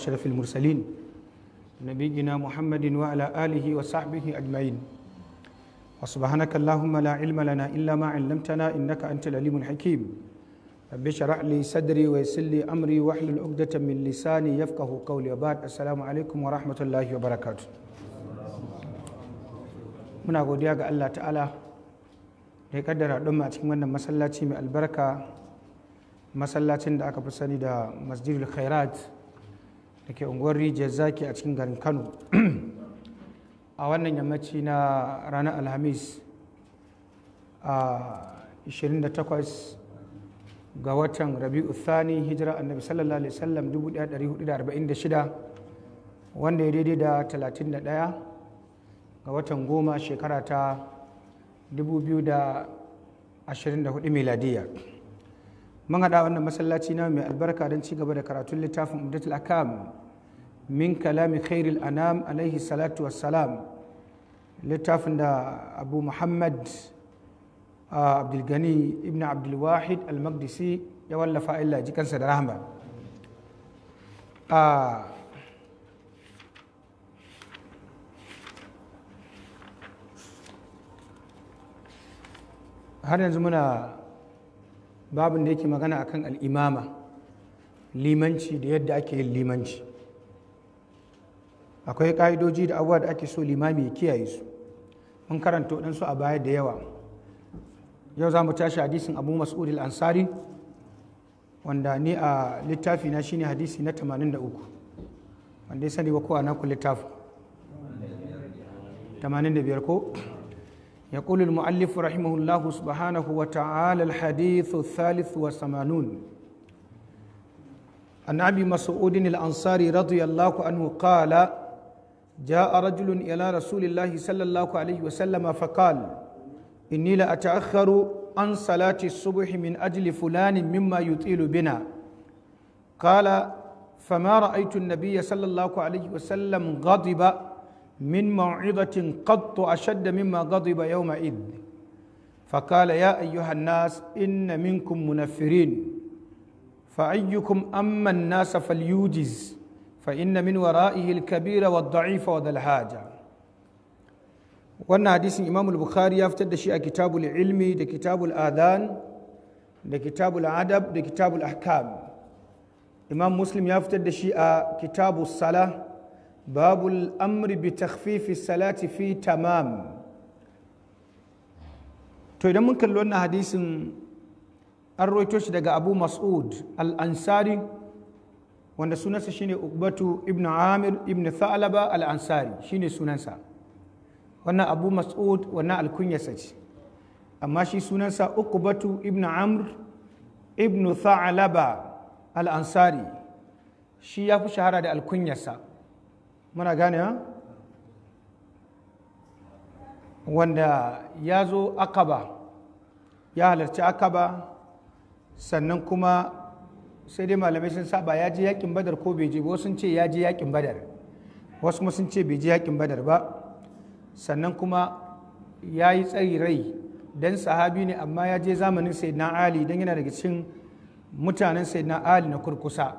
أشرف المرسلين نبينا محمد وعلى آله وصحبه أجمعين وسبحانك اللهم لا علم لنا إلا ما علمتنا إنك أنت العليم الحكيم رب اشرح لي صدري ويسر لي أمري واحلل عقدة من لساني يفقه قولي وبعد السلام عليكم ورحمة الله وبركاته muna godiya ga Allah ta'ala da ya kaddara don a cikin wannan masallaci mai albarka masallacin da aka fi sani da masjidul khairat da ke unguwar rijiyar zaki a cikin garin kano a wannan yammaci na ranar alhamis a 28 ga watan rabi'u thani hijira annabi sallallahu alaihi wasallam 1446 wanda ya daidai da 31 ga watan goma shekara ta 2024 miladiyya mun haɗa wannan masallaci na mai albarka don ci gaba da karatun littafin umdatul akam min kalami khairul anam alaihi salatu wassalam littafin da abu muhammad ah, abdulgani ibn abdulwahid al ya wallafa illa jikansa da rahama ah, har yanzu muna babin da yake magana akan al'imama limanci da yadda ake yin limanci akwai ƙa'idoji da abubuwa da ake so limami ya kiyaye su mun karanta waɗansu a baya da yawa yau za mu tashi hadisin abu mas'ud al-ansari wanda ni a littafi na shine hadisi na 83 wanda ya sani ba ko a naku littafi 85 ko يقول المؤلف رحمه الله سبحانه وتعالى الحديث الثالث والثمانون عن ابي مسعود الانصاري رضي الله عنه قال جاء رجل إلى رسول الله صلى الله عليه وسلم فقال إني لأتأخر عن صلاة الصبح من أجل فلان مما يطيل بنا قال فما رأيت النبي صلى الله عليه وسلم غضب من موعظة قط أشد مما غضب يومئذ فقال يا أيها الناس إن منكم منفرين فأيكم أما الناس فليوجز فإن من ورائه الكبير والضعيف وذا الحاجة wannan hadisin imam bukhari ya fitar da shi a kitabul ilmi da kitabul adan da kitabul adab da kitabul ahkam imam muslim ya fitar da shi a kitabul sala babul amri bi takhfifi salati fi tamam to idan mun kalli wannan hadisin an roito shi daga abu mas'ud al-ansari wanda sunansa shine ukbatu ibn amir ibn thalaba al shine sunansa wannan abu mas'ud wannan alkunyarsa ce amma shi sunansa ukbatu ibn amr ibn thalaba al-ansari shi ya fi shahara da alkunyarsa muna gane ha wanda ya zo akaba ya halarci akaba sannan kuma sai dai malamai sun saba ya je yakin badar ko bai je ba sun ce ya je yakin badar wasu kuma sun ce bai je yakin badar ba sannan kuma ya yi tsari rai dan sahabi ne amma ya je zamanin na ali dan yana daga cikin mutanen na ali na kurkusa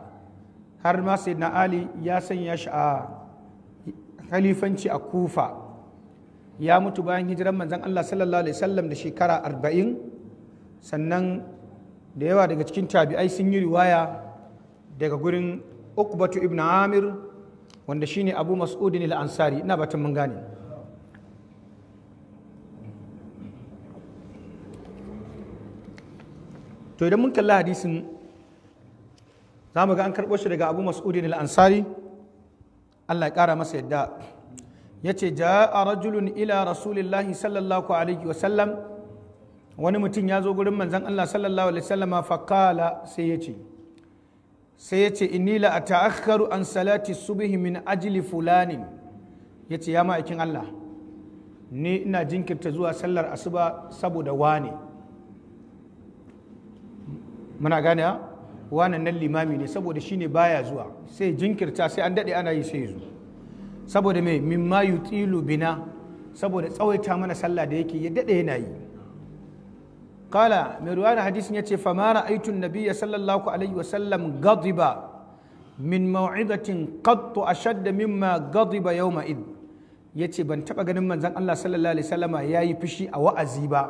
har ma na ali ya sanya shi a khalifanci a kufa ya mutu bayan hijiran manzon Allah sallallahu alaihi wasallam da shekara arba'in sannan da yawa daga cikin tabi'ai sun yi riwaya daga gurin ukbatu ibn amir wanda shine abu mas'udin al-ansari ina batun mun gane to idan mun kalli hadisin za mu ga an karɓo shi daga abu mas'udin al-ansari allah ya ƙara masa yadda ya ce a rajulun ila rasulillahi sallallahu alaihi wasallam wani mutum ya zo gurin manzan Allah sallallahu alaihi sallama fakala sai ya ce sai ya ce inni la ata'akkaru an salati subhi min ajli fulanin ya ce ya ma'aikin Allah ni ina jinkirta zuwa sallar asuba saboda wane muna gane wane nan limami ne saboda shine baya zuwa sai jinkirta sai an daɗe ana yi sai zo saboda me mimma yutilu bina saboda tsawaita mana sallah da yake ya daɗe yana yi kala mai ruwa hadisin ya ce famara aitun nabiya sallallahu alaihi wasallam gadiba min mau'izatin qattu ashadda mimma gadiba yawma id ya ce ban taɓa ganin manzan Allah sallallahu alaihi wasallama ya yi fushi a wa'azi ba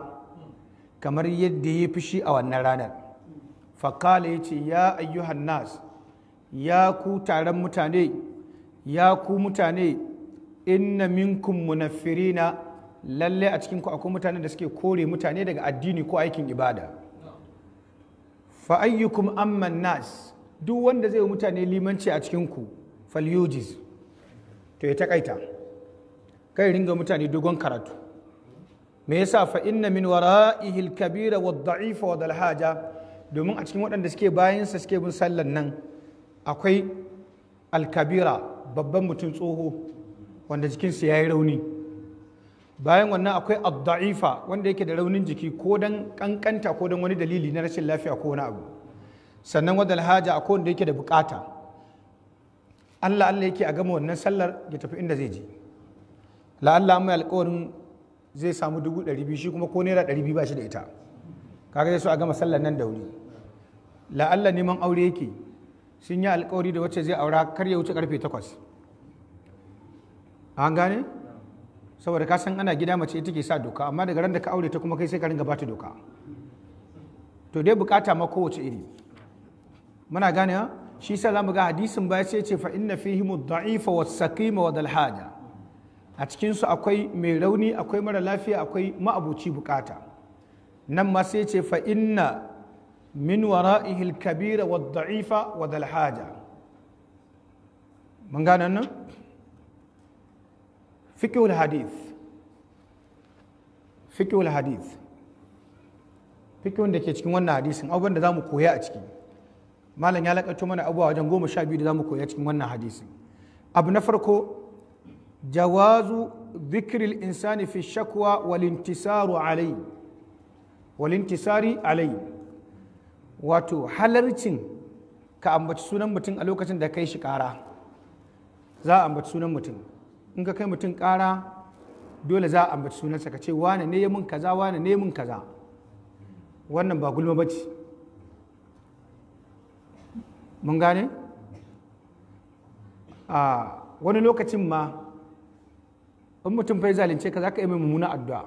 kamar yadda ya yi fushi a wannan ranar fakala ya ce ya ayyuhan nas ya ku mutane ya ku mutane inna minkum munafirina lalle a cikin ku akwai mutane da suke kore mutane daga addini ko aikin ibada fa ayyukum amman nas duk wanda zai mutane limanci a cikin ku falyujiz to ya takaita kai ringa mutane dogon karatu me yasa fa inna min wara'ihil kabira wad da'ifa wad alhaja domin a cikin waɗanda suke bayan sa suke bin sallan nan akwai alkabira babban mutum tsoho wanda jikinsa ya yi rauni bayan wannan akwai adda'ifa wanda yake da raunin jiki ko dan kankanta ko dan wani dalili na rashin lafiya ko wani abu sannan wadda alhaja akwai wanda yake da bukata Allah Allah yake a gama wannan sallar ya tafi inda zai je la'alla mai alƙawarin zai samu dubu ɗari biyu shi kuma ko naira ɗari biyu ba shi da ita kaga so a gama sallar nan da wuri la'alla neman aure yake sun yi alƙawari da wacce zai aura kar ya wuce karfe takwas an gane saboda ka san ana gida mace ita ke sa doka amma daga ran da ka aure ta kuma kai sai ka ringa ta doka to dai bukata ma kowace iri muna gane shi sa zamu ga hadisin baya sai ce fa inna fihi mudda'ifa daifa was wa haja a cikin su akwai mai rauni akwai mara lafiya akwai ma'abuci bukata nan ma sai ce fa inna min wara'ihi al-kabira wad-da'ifa wa haja mun gane nan fiqhul hadith fiqhul hadith fikihun da ke cikin wannan hadisin abubuwan da za mu koya a ciki malam ya lakato mana abubuwa wajen goma sha biyu da za mu koya cikin wannan hadisin abu na farko jawazu zikiril insani fi shakwa walintisaru alai walintisari alai wato halarcin ka ambaci sunan mutum a lokacin da kai shi kara za a ambaci sunan mutum in ka kai mutum ƙara dole za a ambaci sunansa ka ce wane ne mun kaza wane ne mun kaza wannan ba gulma ba ce mun gane a wani lokacin ma in mutum fai zalince ka za ka yi mai mummuna addu'a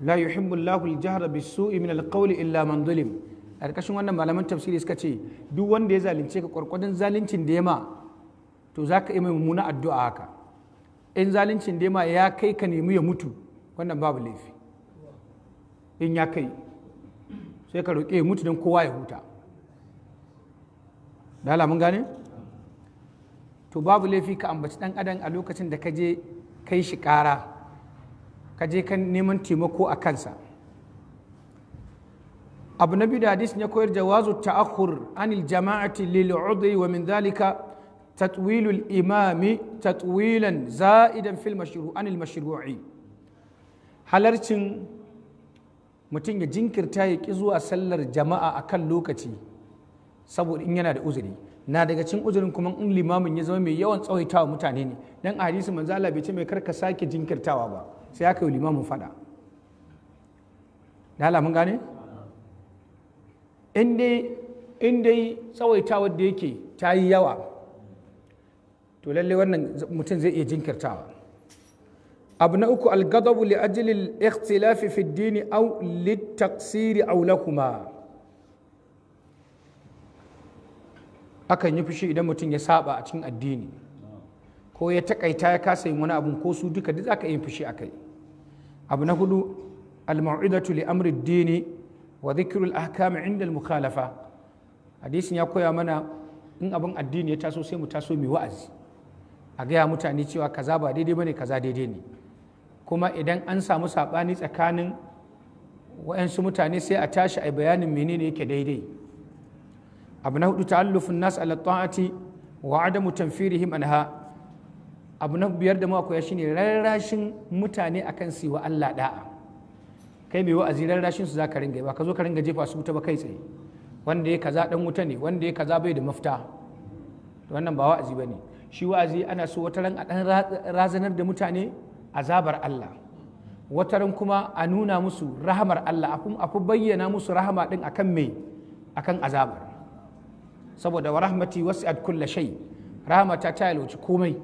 la yuhibbu Allahu al-jahra bis-su'i min al-qawli illa man zulim a ƙarƙashin wannan malaman tafsiri suka ce duk wanda ya zalince ka ƙwarƙwadon zalincin da ya ma to za ka iya mai mummuna addu'a haka in zaluncin dai ma ya kai ka nemi ya mutu wannan babu laifi in ya kai sai ka roƙe ya mutu don kowa ya huta dala mun gane to babu laifi ka ambaci ɗan adam a lokacin da ka je kai shi ƙara ka je kan neman taimako a kansa abu na biyu da hadisin ya koyar jawazu ta'akhur anil jama'ati lil wa min dhalika تطويل الإمام تطويلا زائدا في المشروع عن المشروعي halarcin mutum ya jinkirta ya ƙi zuwa sallar jama'a a kan lokaci saboda in yana da uzuri na daga cikin uzurin kuma in limamin ya zama mai yawan tsawaitawa mutane ne dan a hadisi manzo Allah bai ce mai karka sake jinkirtawa ba sai aka yi limamin fada da Allah mun gane in dai tsawaitawa da yake ta yi yawa to lalle wannan mutum zai iya jinkirtawa abu na uku algadabu li ajilil ikhtilafi fi dini au litaksiri aw lakuma akan yi fushi idan mutum ya saba a cikin addini ko ya takaita ya kasa yin wani abun ko su duka duk aka yi fushi kai. abu na hudu al-mau'idatu li amri dini wa dhikrul ahkam inda al-mukhalafa hadisin ya koya mana in abin addini ya taso sai mu taso mai wa'azi a gaya mutane cewa kaza ba daidai bane kaza daidai ne kuma idan an samu saɓani tsakanin wa'yansu mutane sai a tashi a bayanin menene yake daidai abu na hudu ta'allufin nas ala ta'ati wa adamu tanfirihim anha abu na biyar da mako ya shine rarrashin mutane akan su wa Allah da'a kai mai wa'azi rarrashin su zaka ringa ba ka zo ka ringa jefa su wuta ba kai tsaye wanda ya kaza dan wuta ne wanda ya kaza bai da mafita wannan ba wa'azi bane shi wa'azi ana so wataran a ɗan razanar da mutane azabar Allah wataran kuma a nuna musu rahamar Allah a fi bayyana musu rahama ɗin akan mai akan azabar saboda wa rahmati wasi'at kulla shay rahama ta yalwaci komai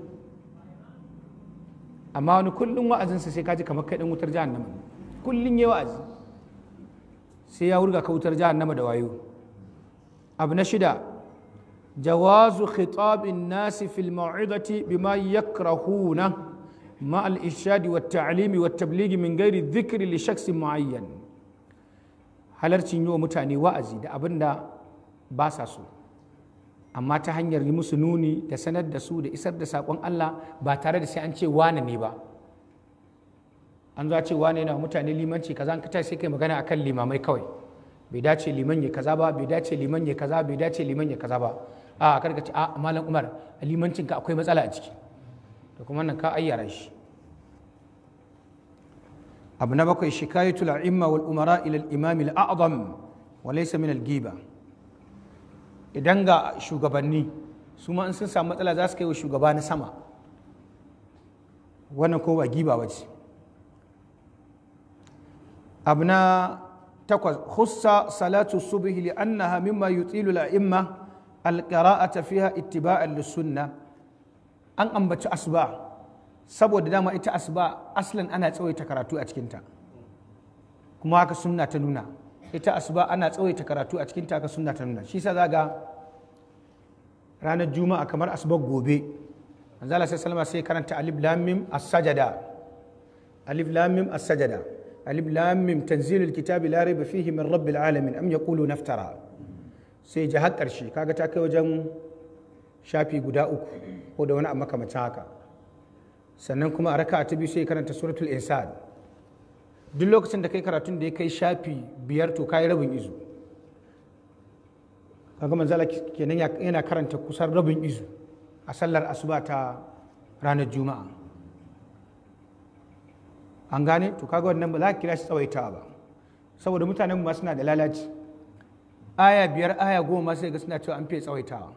amma wani kullum wa'azinsa sai kaji kamar kai ɗan wutar jahannama kullum ya wa'azi sai ya wurga ka wutar jahannama da wayo abu na shida Jawazu جواز خطاب الناس في الموعظة بما wa مع الإرشاد والتعليم min من غير الذكر لشخص معين halarcin yi wa mutane wa'azi da abin da ba sa so amma ta hanyar yi musu nuni da sanar da su da isar da saƙon Allah ba tare da sai an ce wane ne ba an za ce wane na mutane limanci kaza an kata sai kai magana akan limamai kawai bai dace liman ya kaza ba bai dace liman ya kaza bai dace liman ya kaza ba a karka ce a malam umar limancinka akwai matsala a ciki da kuma nan ka ayyara shi abu na bakwai tula a'imma wal umara ila al imam wa laysa min al giba idan ga shugabanni su ma sun samu matsala za su kai wa shugaba na sama wannan ko ba giba ba ce abu na takwas hussa salatu subhi li annaha mimma yutilu al a'imma alƙara'ata fiha ittiba'an lissunna an ambaci asuba saboda dama ita asuba aslan ana tsawaita karatu a cikinta kuma haka sunna ta nuna ita asuba ana tsawaita karatu a cikinta haka sunna ta nuna shi sa za ga ranar juma'a kamar asbar gobe manzala sai salama sai karanta alif lamim as-sajada alif lamim as-sajada alif lamim tanzilul kitabi la raiba fihi min rabbil alamin am yaqulu naftara sai ji har ƙarshe kaga ta kai wajen shafi guda uku ko da wani a makamacin haka sannan kuma a raka ta biyu sai karanta suratul insan duk lokacin da kai karatun da ya kai shafi biyar to kayi rabin izu kaga manzala kenan yana karanta kusan rabin izu a sallar asuba ta ranar juma'a an gane to kaga wannan ba za ka kira shi tsawaitawa ba saboda mutanen ma suna da lalaci aya biyar aya goma sai ga suna cewa an fiye tsawaitawa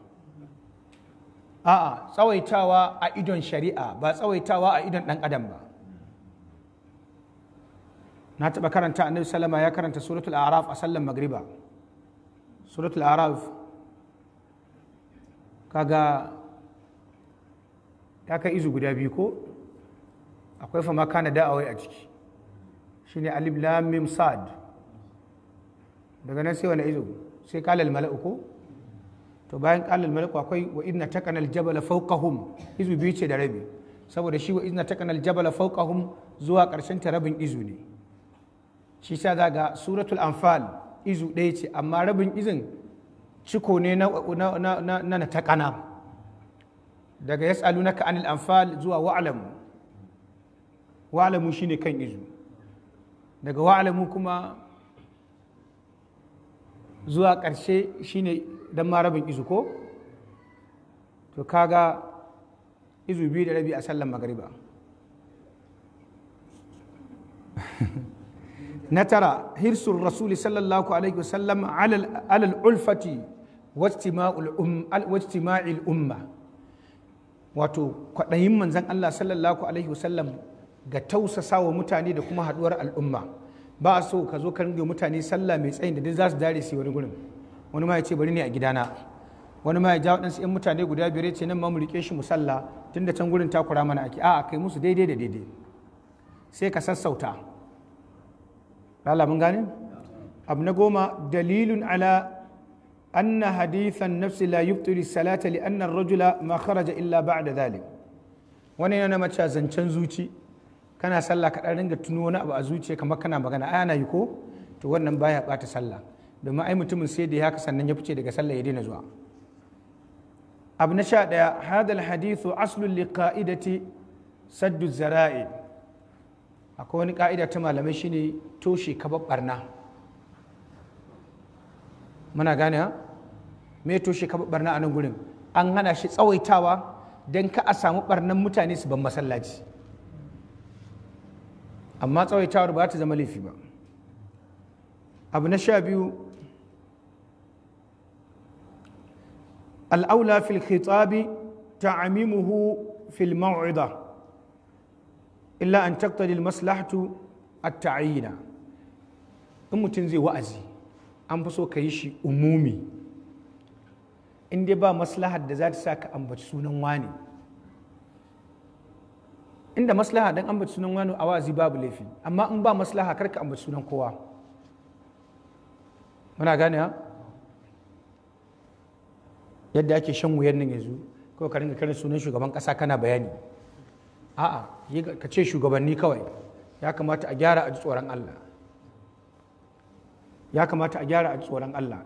a'a tsawaitawa a idon shari'a ba tsawaitawa a idon dan adam ba na taɓa karanta annabi salama ya karanta suratul araf a sallan magriba suratul araf kaga ta kai izu guda biyu ko akwai fama kana da'awai a ciki shine alif lam mim sad daga nan sai wani izu sai kalal mala'u ko to bayan kalal mala'u akwai wa inna takanal jabala fawqahum izu biyu ce da rabi saboda shi wa inna takanal jabala fawqahum zuwa karshen ta rabin izu ne shi sa daga suratul anfal izu ɗaya ce amma rabin izin ciko ne na na na na takana daga yas'alunaka anil anfal zuwa wa'lam wa'lamu shine kan izu daga wa'lamu kuma zuwa ƙarshe shine dan ma rabin izu ko to kaga izu biyu da rabi a sallan magariba na tara hirsun rasuli sallallahu alaihi wasallam alal ulfati um, wajtima'il umma wato kwaɗayin manzan Allah sallallahu alaihi wasallam ga tausasa wa mutane da kuma haɗuwar al'umma ba so ka zo ka ringa mutane sallah mai tsayin da duk za su dare su wani gurin wani ma ya ce bari ne a gidana wani ma ya ja waɗansu 'yan mutane guda biyar ce nan ma mu riƙe shi mu sallah tun da can gurin takura mana ake a'a kai musu daidai da daidai sai ka sassauta Allah gane abu na goma dalilun ala anna hadithan nafsi la Turi, salata li anna rajula ma kharaja illa ba'da zalim wani yana mace zancen zuci kana sallah ka dan ringa tuno wani abu a zuciya kamar kana magana ai ana yi ko to wannan baya bata sallah domin ai mutumin sai da ya haka sannan ya fice daga sallah ya daina zuwa abu na sha ɗaya hadal hadithu aslu li ka'idati saddu zara'i akwai wani ka'ida ta malamai shine toshe kaba barna muna gane ha me toshe kabar barna a nan gurin an hana shi tsawaitawa dan ka a samu barnan mutane su ban masallaci amma tsawaitawar ba ta zama laifi ba abu na sha biyu al'aula fil khitabi ta'amimuhu fil maw'ida illa an taqtadi maslahatu at-ta'yina in mutum zai wa'azi an fi so ka yi shi umumi in dai ba maslahar da za ta sa ka ambaci sunan wani inda maslaha dan ambaci sunan wani a wazi babu laifi amma in ba maslaha karka ambaci sunan kowa muna gane ha yadda ake shan wuyan nan yanzu kawai ka ringa karin sunan shugaban kasa kana bayani a'a ka ce shugabanni kawai ya kamata a gyara a ji tsoron Allah ya kamata a gyara a ji tsoron Allah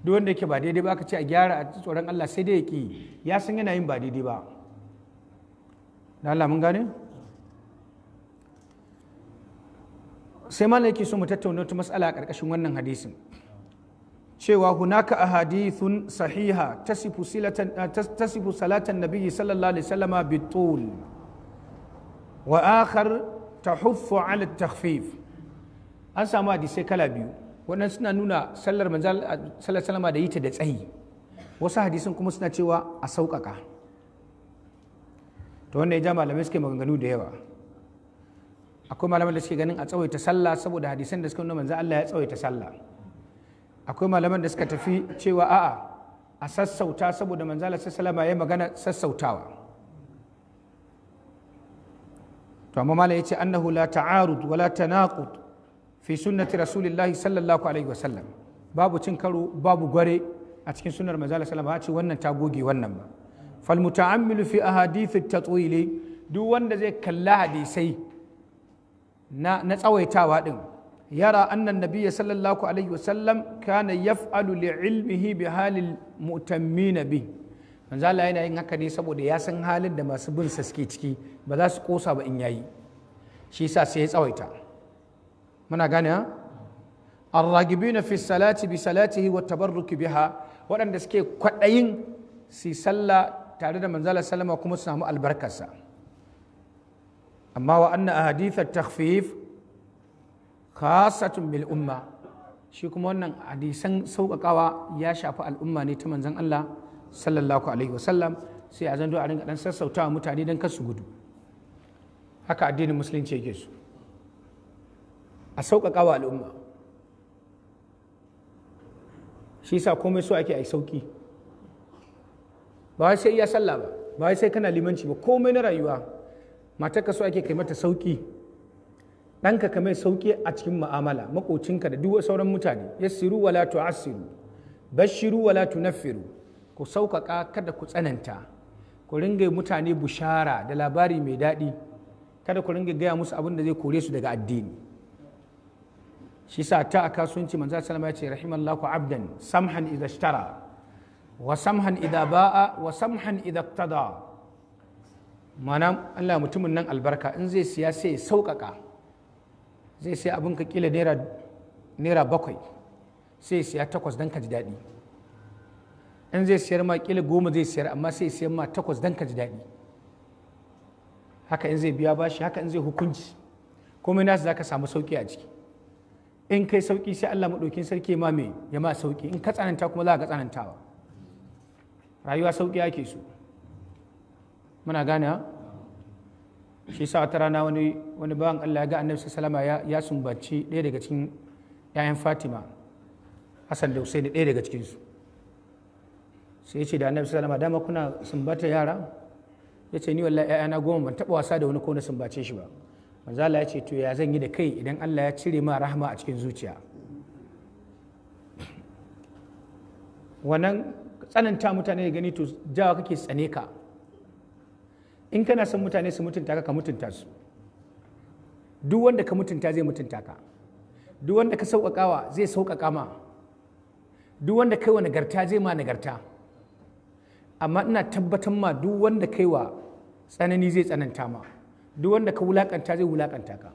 duk wanda yake ba daidai ba ka ce a gyara a ji tsoron Allah sai dai ya ki ya san yana yin ba daidai ba da Allah mun gane sai malam yake so mu tattauna wata mas'ala a ƙarƙashin wannan hadisin cewa hunaka ahadithun sahiha tasifu silatan eh, tasifu salatan nabiyyi sallallahu alaihi wasallama bitul wa akhar tahuffu ala at-takhfif an samu hadisai kala biyu wannan suna nuna sallar manzal eh, sallallahu alaihi wasallama da yita da tsayi wasu hadisin kuma suna cewa a sauƙaƙa to wannan ya ja malamai suke maganganu da yawa akwai malamai da suke ganin a tsawaita sallah saboda hadisan da suka nuna manzo Allah ya tsawaita sallah akwai malamai da suka tafi cewa a'a a sassauta saboda manzo Allah sallallahu alaihi ya magana sassautawa to amma malai yace annahu la ta'arud wa la tanaqud fi sunnati rasulillahi sallallahu alaihi wasallam babu cin karo babu gware a cikin sunnar manzo Allah sallallahu alaihi wasallam ba ce wannan ta goge wannan ba falmuta'ammilu fi ahadithu tatwili duk wanda zai kalla hadisai na tsawaitawa din yara annan nabiyya sallallahu alaihi wasallam kana yaf'alu li'ilmihi bi halil mu'tammina bi manzo Allah yana yin haka ne saboda ya san halin da masu bin sa suke ciki ba za su kosa ba in yayi shi yasa sai ya tsawaita muna gane ha الراغبين bi الصلاة wa والتبرك biha waɗanda suke kwaɗayin su sallah tare da manzala salama kuma su samu albarkarsa amma wa anna ahadith at-takhfif khasatun bil umma shi kuma wannan hadisan sauƙaƙawa ya shafi al'umma ne ta Manzan Allah sallallahu alaihi wasallam sai a zando a ringa dan sassautawa mutane dan kar su gudu haka addinin musulunci yake su a sauƙaƙawa al'umma shi sa komai so ake a sauƙi ba sai iya sallah ba ba sai kana limanci ba komai na rayuwa matar ka ake kai mata sauki ɗanka ka mai sauki a cikin mu'amala makocinka da duk sauran mutane yassiru wala tu'assiru bashiru wala tunaffiru ku sauƙaƙa kada ku tsananta ku ringa mutane bushara da labari mai daɗi kada ku ringa gaya musu abin da zai kore su daga addini shi sa ta a kasuwanci manzo sallama ya ce rahimallahu abdan samhan idhashtara wa samhan idza ba'a wa samhan idza tada mana Allah mutumin nan albarka in zai siya sai ya sauƙaƙa zai sai abin ka kila naira bakwai sai siya takwas don ka ji daɗi in zai siyar ma ƙila goma zai siyar amma sai siyar ma takwas don ka ji daɗi haka in zai biya bashi haka in zai hukunci komai nasu za ka samu sauƙi a ciki in kai sauƙi sai Allah maɗaukin sarki ma me ya ma sauƙi in ka tsananta kuma za ka tsanantawa rayuwa sauƙi ake su muna gane shi sa wata rana wani wani bawan Allah ya ga annabi sallama ya ya sumbaci ɗaya daga cikin ƴaƴan Fatima Hassan da Husaini ɗaya daga cikin su sai ce da annabi sallama dama kuna sumbata yara ya ce ni wallahi ƴaƴana goma ban taɓa wasa da wani ko na sumbace shi ba manzo ya ce to ya zan yi da kai idan Allah ya cire ma rahama a cikin zuciya wannan tsananta mutane ya gani to jawa kake tsane ka in kana son mutane su mutunta ka ka mutunta su duk wanda ka mutunta zai mutunta ka duk wanda ka sauƙaƙawa zai sauƙaƙa ma duk wanda kai wa nagarta zai ma nagarta amma ina tabbatar ma duk wanda kai wa tsanani zai tsananta ma duk wanda ka wulaƙanta zai wulaƙanta ka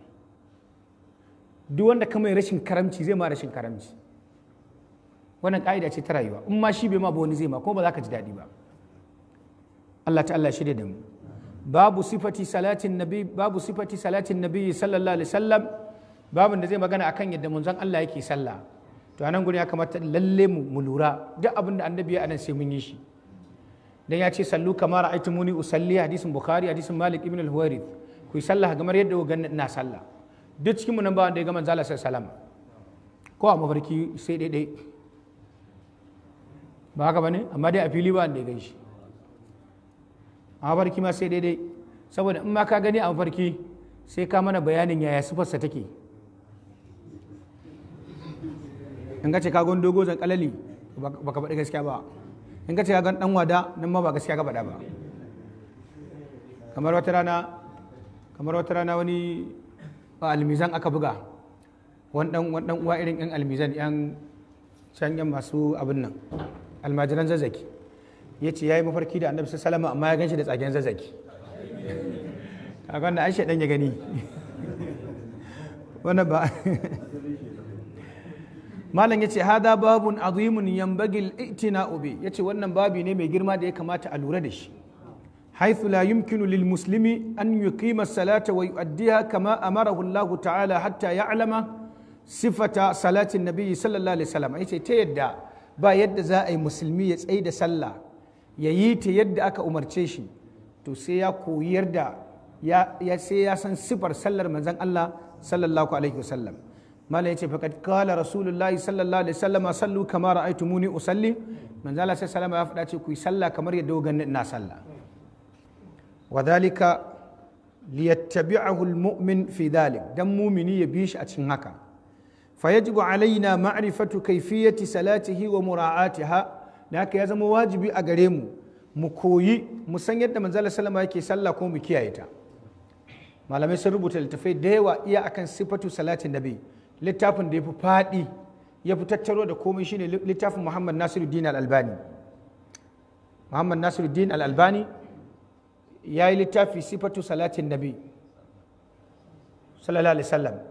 duk wanda ka mai rashin karamci zai ma rashin karamci wannan ka'ida ce ta rayuwa in ma shi bai ma ba wani zai ma kuma ba za ka ji daɗi ba Allah ta Allah shirya da mu babu sifati salatin nabi babu sifati salatin nabi sallallahu alaihi wasallam Babu da zai magana akan yadda manzon Allah yake sallah to anan gurin ya kamata lalle mu lura duk abin da annabi ya anan sai mun yi shi dan ya ce sallu kama ra'aytumuni usalli hadisin bukhari hadisin malik ibn al-huwairith ku yi sallah kamar yadda ku ganin ina sallah duk cikin mu nan ba wanda ya ga manzo Allah sallallahu alaihi wasallam ko a mafarki sai daidai ba haka bane amma dai a fili ba wanda ya gaishe a mafarki ma sai daidai saboda in ma ka gani a mafarki sai ka mana bayanin yaya sufarsa take in ka ce ka gon dogozan kalali ba ka faɗi gaskiya ba in ka ce ka gan dan wada nan ma ba gaskiya ka faɗa ba kamar wata rana kamar wata rana wani ba almizan aka buga wani dan uwa irin yan almizan yan can yan masu abin nan almajiran zazzaki ya ce ya yi mafarki da annabi salama amma ya gan shi da tsagen zazzaki a wanda ya gani wani ba malam ya ce hada babun azimun yambagil itina obe ya wannan babu ne mai girma da ya kamata a lura da shi haithu la yumkinu lil muslimi an yuqima salata wa yu'addiha kama amarahu Allah ta'ala hatta ya alama sifata salatin nabiyyi sallallahu alaihi wasallam yace ta yadda ba yadda za a yi musulmi ya tsaye da sallah ya yi ta yadda aka umarce shi to sai ya koyar da ya sai ya san sifar sallar manzon Allah sallallahu alaihi wasallam mala yace faqad qala rasulullahi sallallahu alaihi wasallam sallu kama ra'aytumuni usalli manzon Allah sallallahu ya faɗa ce ku yi sallah kamar yadda kuka ina sallah wadhalika liyattabi'ahu almu'min fi dhalik dan mumini ya bi shi a cikin haka ma'arifatu kai salati فيجب علينا معرفة كيفية صلاته ومراعاتها لك يا mu واجبي أقريمو مكوي مسنيد من زال سلama yake sallah ko mu kiyaye ta malamai sun rubuta littafai da yawa iya akan sifatu salatin bi littafin da ya fi faɗi ya fi tattaro da komai shine littafin muhammad nasiruddin al-albani muhammad nasiruddin al-albani ya yi littafi sifatu salatin bi sallallahu alaihi wasallam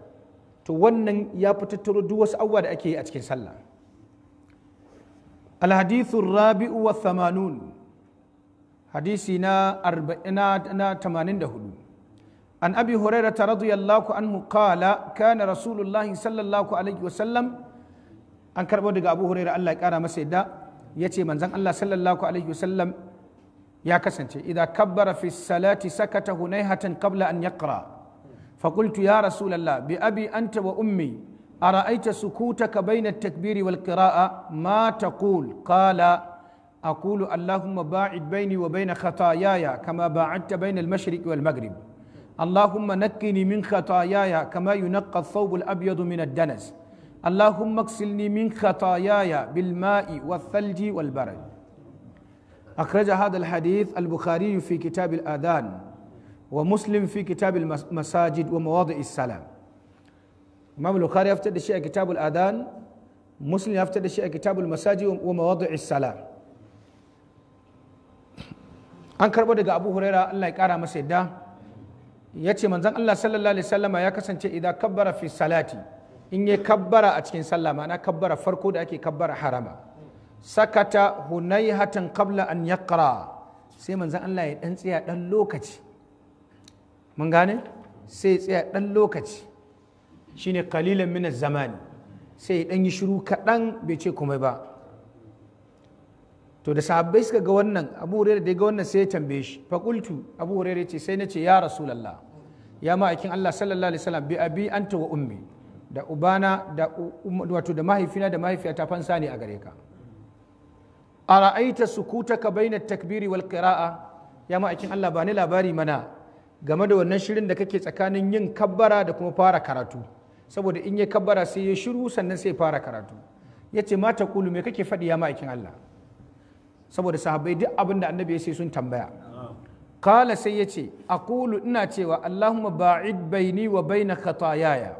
to wannan ya fi tattaro duk wasu abubuwa da ake yi a cikin sallah alhadithu rabi'u wa thamanun hadisi na tamanin da hudu an abi hurairah radiyallahu anhu qala kana rasulullahi sallallahu alaihi wasallam an karbo daga abu hurairah Allah ya kara masa yadda yace manzon Allah sallallahu alaihi wasallam ya kasance idan kabbara fi salati sakata hunaihatan qabla an yaqra' فقلت يا رسول الله بأبي أنت وأمي أرأيت سكوتك بين التكبير والقراءة ما تقول قال أقول اللهم باعد بيني وبين خطاياي كما باعدت بين المشرق والمغرب اللهم نقني من خطاياي كما ينقى الثوب الأبيض من الدنس اللهم اغسلني من خطاياي بالماء والثلج والبرد أخرج هذا الحديث البخاري في كتاب الآذان wa muslim fi kitabil masajid wa mawadi'is salam imam bukhari ya fitar da shi a kitabul adan muslim ya fitar da shi a kitabul masajid wa mawadi'is salam an karbo daga abu huraira Allah ya ƙara masa yadda ya ce manzon Allah sallallahu alaihi wasallama ya kasance idan kabbara fi salati in ya kabbara a cikin sallah ma'ana kabbara farko da ake kabbara harama sakata hunaihatan qabla an yaqra sai manzon Allah ya dan tsaya dan lokaci mun gane sai tsaya ɗan lokaci shine kalilan mina zamani sai ɗan yi shiru kaɗan bai ce komai ba to da sahabbai suka ga wannan abu hurairah da ga wannan sai ya tambaye shi fakultu abu hurairah ce sai na ce ya lalla. ya ma'aikin Allah sallallahu alaihi wasallam bi abi anta wa ummi da ubana da um, wato da mahaifina da mahaifiyata fansa ne a gare ka A ra'aita su kuta ka bayyana takbiri wal ƙira'a ya ma'aikin Allah ba ni labari mana game da wannan shirin da kake tsakanin yin kabbara da kuma fara karatu saboda in ya kabbara sai ya shiru sannan sai fara karatu ya ce mata kulu me kake faɗi ya ma'aikin Allah saboda sahabbai duk abin da annabi ya sai sun tambaya kala sai ya ce kulu ina cewa Allahumma ba'id baini wa baina khatayaya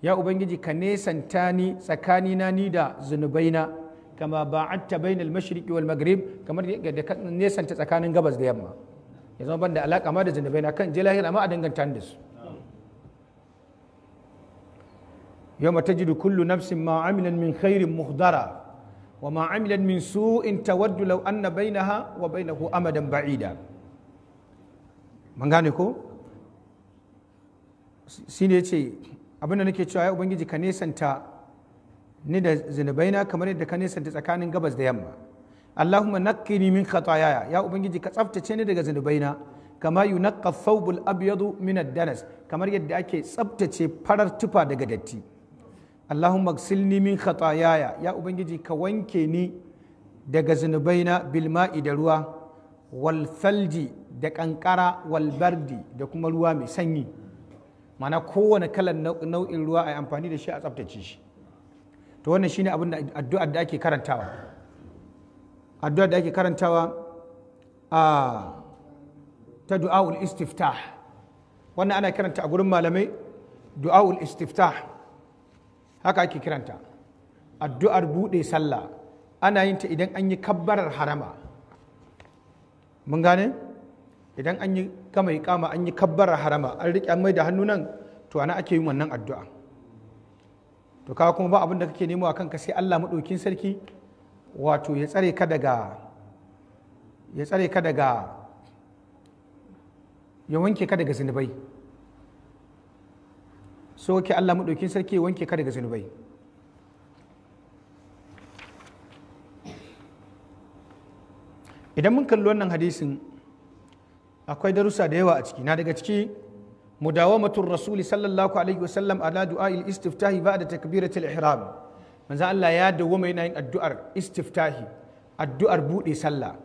ya ubangiji ka nesanta ni tsakanina ni da zunubaina kama ba'adta bainal mashriqi wal maghrib kamar da ka nesanta tsakanin gabas da yamma ya zama ban da alaƙa ma da zunubai na kan je lahira ma a danganta da su mata jidu kullu nafsin ma amilan min khairin muhdara wa ma amilan min su'in tawaddu law anna bainaha wa bainahu amadan ba'ida mun gane ko shine yace abinda nake cewa ya ubangiji ka nesanta ni da zunubaina kamar yadda ka nesanta tsakanin gabas da yamma Allahumma naqqini min khataayaya ya ubangiji ka tsaftace ni daga zunubaina kama yunaqqa thawbul abyadu min ad-danas kamar yadda ake tsaftace farar tufa daga datti Allahumma ghsilni min khataayaya ya ubangiji ka wanke ni daga zunubaina bil ma'i da ruwa wal thalji da kankara wal bardi da kuma ruwa mai sanyi mana kowane kalan nau'in ruwa a amfani da shi a tsaftace shi to wannan shine abin da addu'ar da ake karantawa addu'a da ake karantawa a ta du'a'ul istiftah wannan ana kiranta a gurin malamai du'a'ul istiftah haka ake kiranta addu'ar buɗe sallah ana yin ta idan an yi kabbarar harama mun gane idan an yi gama ikama an yi kabbarar harama an riƙe mai da hannu nan to ana ake yin wannan addu'a to kawo kuma ba abin da kake nemo a kanka sai Allah maɗaukin sarki wato ya tsare ka daga ya tsare ka daga ya wanke ka daga zunubai so ke Allah maɗaukin sarki ya wanke ka daga zunubai idan mun kalli wannan hadisin akwai darussa da yawa a ciki na daga ciki mudawamatul rasuli sallallahu alaihi wasallam ala du'a'il istiftahi da takbiratul ihram manzo Allah ya dawwama yana yin addu'ar istiftahi addu'ar buɗe sallah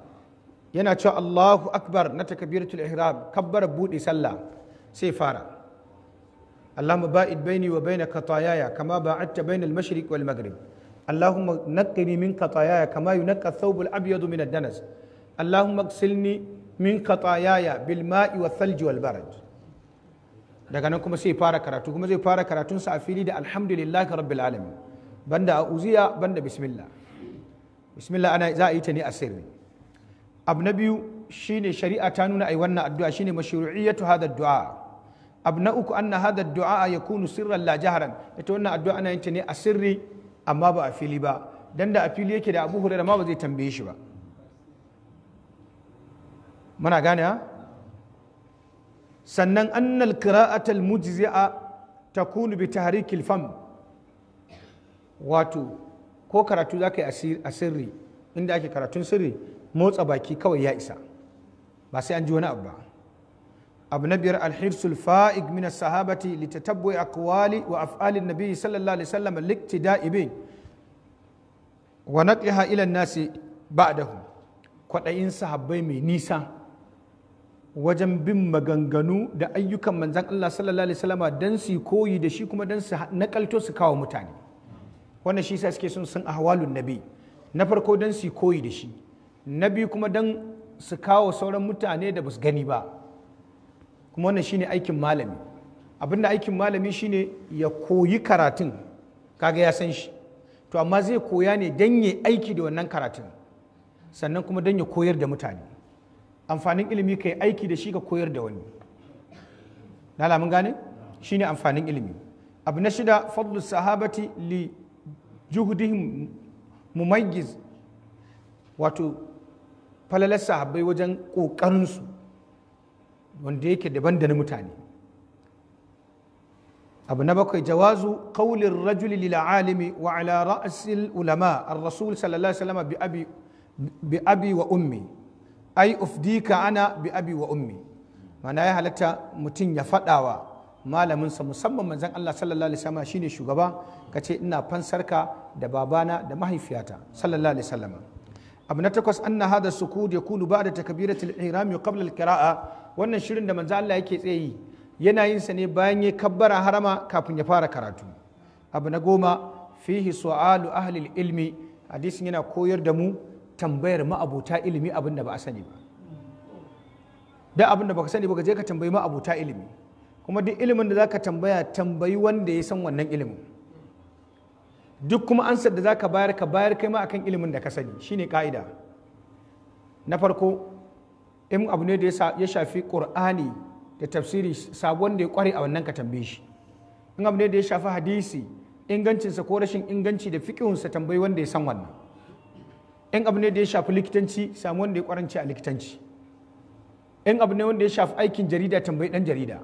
yana cewa Allahu akbar na takbiratul ihram kabbara buɗe sallah sai fara Allahumma ba'id baini wa baina khatayaya kama ba'adta baina al-mashriq wal maghrib Allahumma naqqini min khatayaya kama yunqqa thawbul abyadu min ad-danas Allahumma ighsilni min khatayaya bil daga nan kuma sai fara karatu kuma zai fara karatunsa a fili da alhamdulillahi rabbil alamin banda banda bismillah bismillah ana za a yi ta ne a sirri abu na biyu shine shari'a ta nuna ai wannan addu'a shine mashru'iyyatu hada du'a abu na uku anna hada du'a yakunu sirran la jaharan ita wannan addu'a ana yin ta ne a sirri amma ba a fili ba dan da a fili yake da Abu Hurairah ma ba zai tambaye shi ba muna gane ha sannan annal qira'atul mujzi'a takunu bi tahrikil fam wato ko karatu za ka yi a sirri inda ake karatun sirri motsa baki kawai ya isa ba sai an ji wani abu ba abu na biyar alhirsul fa'ig min sahabati litatabbu aqwali wa af'alin nabi sallallahu alaihi wasallam liktida'i bi wa naqliha ila nasi ba'dahu kwadayin sahabbai mai nisa wajen bin maganganu da ayyukan manzan Allah sallallahu alaihi wasallama dan su koyi da shi kuma dan su nakalto su kawo mutane wannan shi sa suke sun san ahwalun nabi na farko don su koyi da shi na biyu kuma don su kawo sauran mutane da ba su gani ba kuma wannan shine aikin malami abinda aikin malami shine ya koyi karatun kaga ya san shi to amma zai koya ne don ya aiki da wannan karatun sannan kuma don ya koyar da mutane amfanin ilimi ka yi aiki da shi ka koyar da wani na lamun gane shine amfanin ilimi abu na shida fadlus sahabati li juhudihim mumayyiz wato falalar sahabbai wajen ƙoƙarinsu wanda yake daban da na mutane abu na bakwai jawazu qaulin rajuli lil alimi wa ala ra'sil ulama ar-rasul sallallahu alaihi wasallam bi abi bi abi wa ummi ai ufdika ana bi abi wa ummi mana ya halatta mutum ya fadawa malaminsa musamman manzan Allah sallallahu alaihi wasallam shine shugaba ka ce ina fansarka da babana da mahaifiyata sallallahu alaihi wasallam abu na takwas anna hada sukud yakunu ba'da takbiratul ihram qabla al wannan shirin da manzan Allah yake tsayi yana yin sa ne bayan ya kabbara harama kafin ya fara karatu abu na goma fihi su'alu ahli ilmi hadisin yana koyar da mu tambayar ma'abota ilimi abin da ba a sani ba da abin da baka sani ba ka je ka tambayi ma'abota ilimi kuma duk ilimin da zaka tambaya tambayi wanda ya san wannan ilimin duk kuma ansar da zaka bayar ka bayar kai ma akan ilimin da ka sani shine ka'ida na farko in abu ne da ya shafi qur'ani da tafsiri sabon da ya kware a wannan ka tambaye shi in abu ne da ya shafi hadisi ingancinsa ko rashin inganci da fiƙihunsa tambayi wanda ya san wannan in abu ne da ya shafi likitanci samu wanda ya kwaranci a likitanci in abu ne wanda ya shafi aikin jarida tambayi dan jarida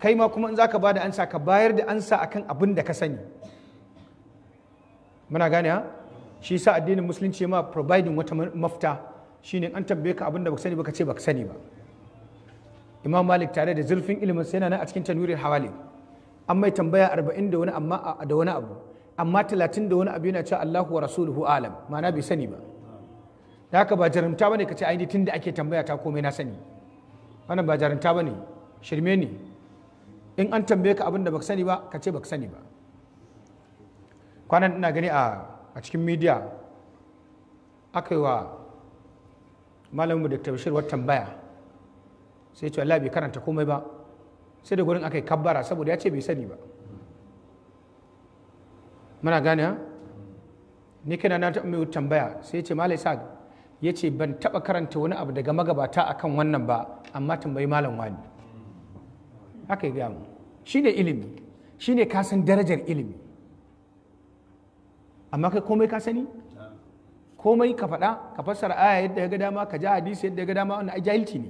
kai ma kuma in za ka ba da ansa ka bayar da ansa akan abin da ka sani muna gane ha shi sa addinin musulunci ma providing wata mafita shine an tambaye ka abin da baka sani baka ce baka sani ba imam malik tare da zurfin ilimin sai yana a cikin tanwirin hawali an mai tambaya arba'in da wani amma da wani abu amma talatin da wani abu yana cewa allahu wa rasuluhu alam Mana bai sani ba da haka ba jarumta bane ka ce ainihin tun da ake tambaya ta komai na sani wannan ba jarumta bane shirme ne in an tambaye ka abin da baka sani ba ka ce sani ba kwanan ina gani a cikin media aka yi wa malamin da bashir wata tambaya sai ce bai karanta komai ba sai da gurin aka yi kabbara saboda ya ce bai sani ba muna gane ni kina na taɓa tambaya sai ce malai sa ya ce ban taɓa karanta wani abu daga magabata akan wannan ba amma tambayi malam wani haka ya mu ne ilimi shine ka san darajar ilimi amma kai komai ka sani komai ka faɗa ka fassara aya yadda ya ga dama ka ja hadisi yadda ya ga dama wannan jahilci ne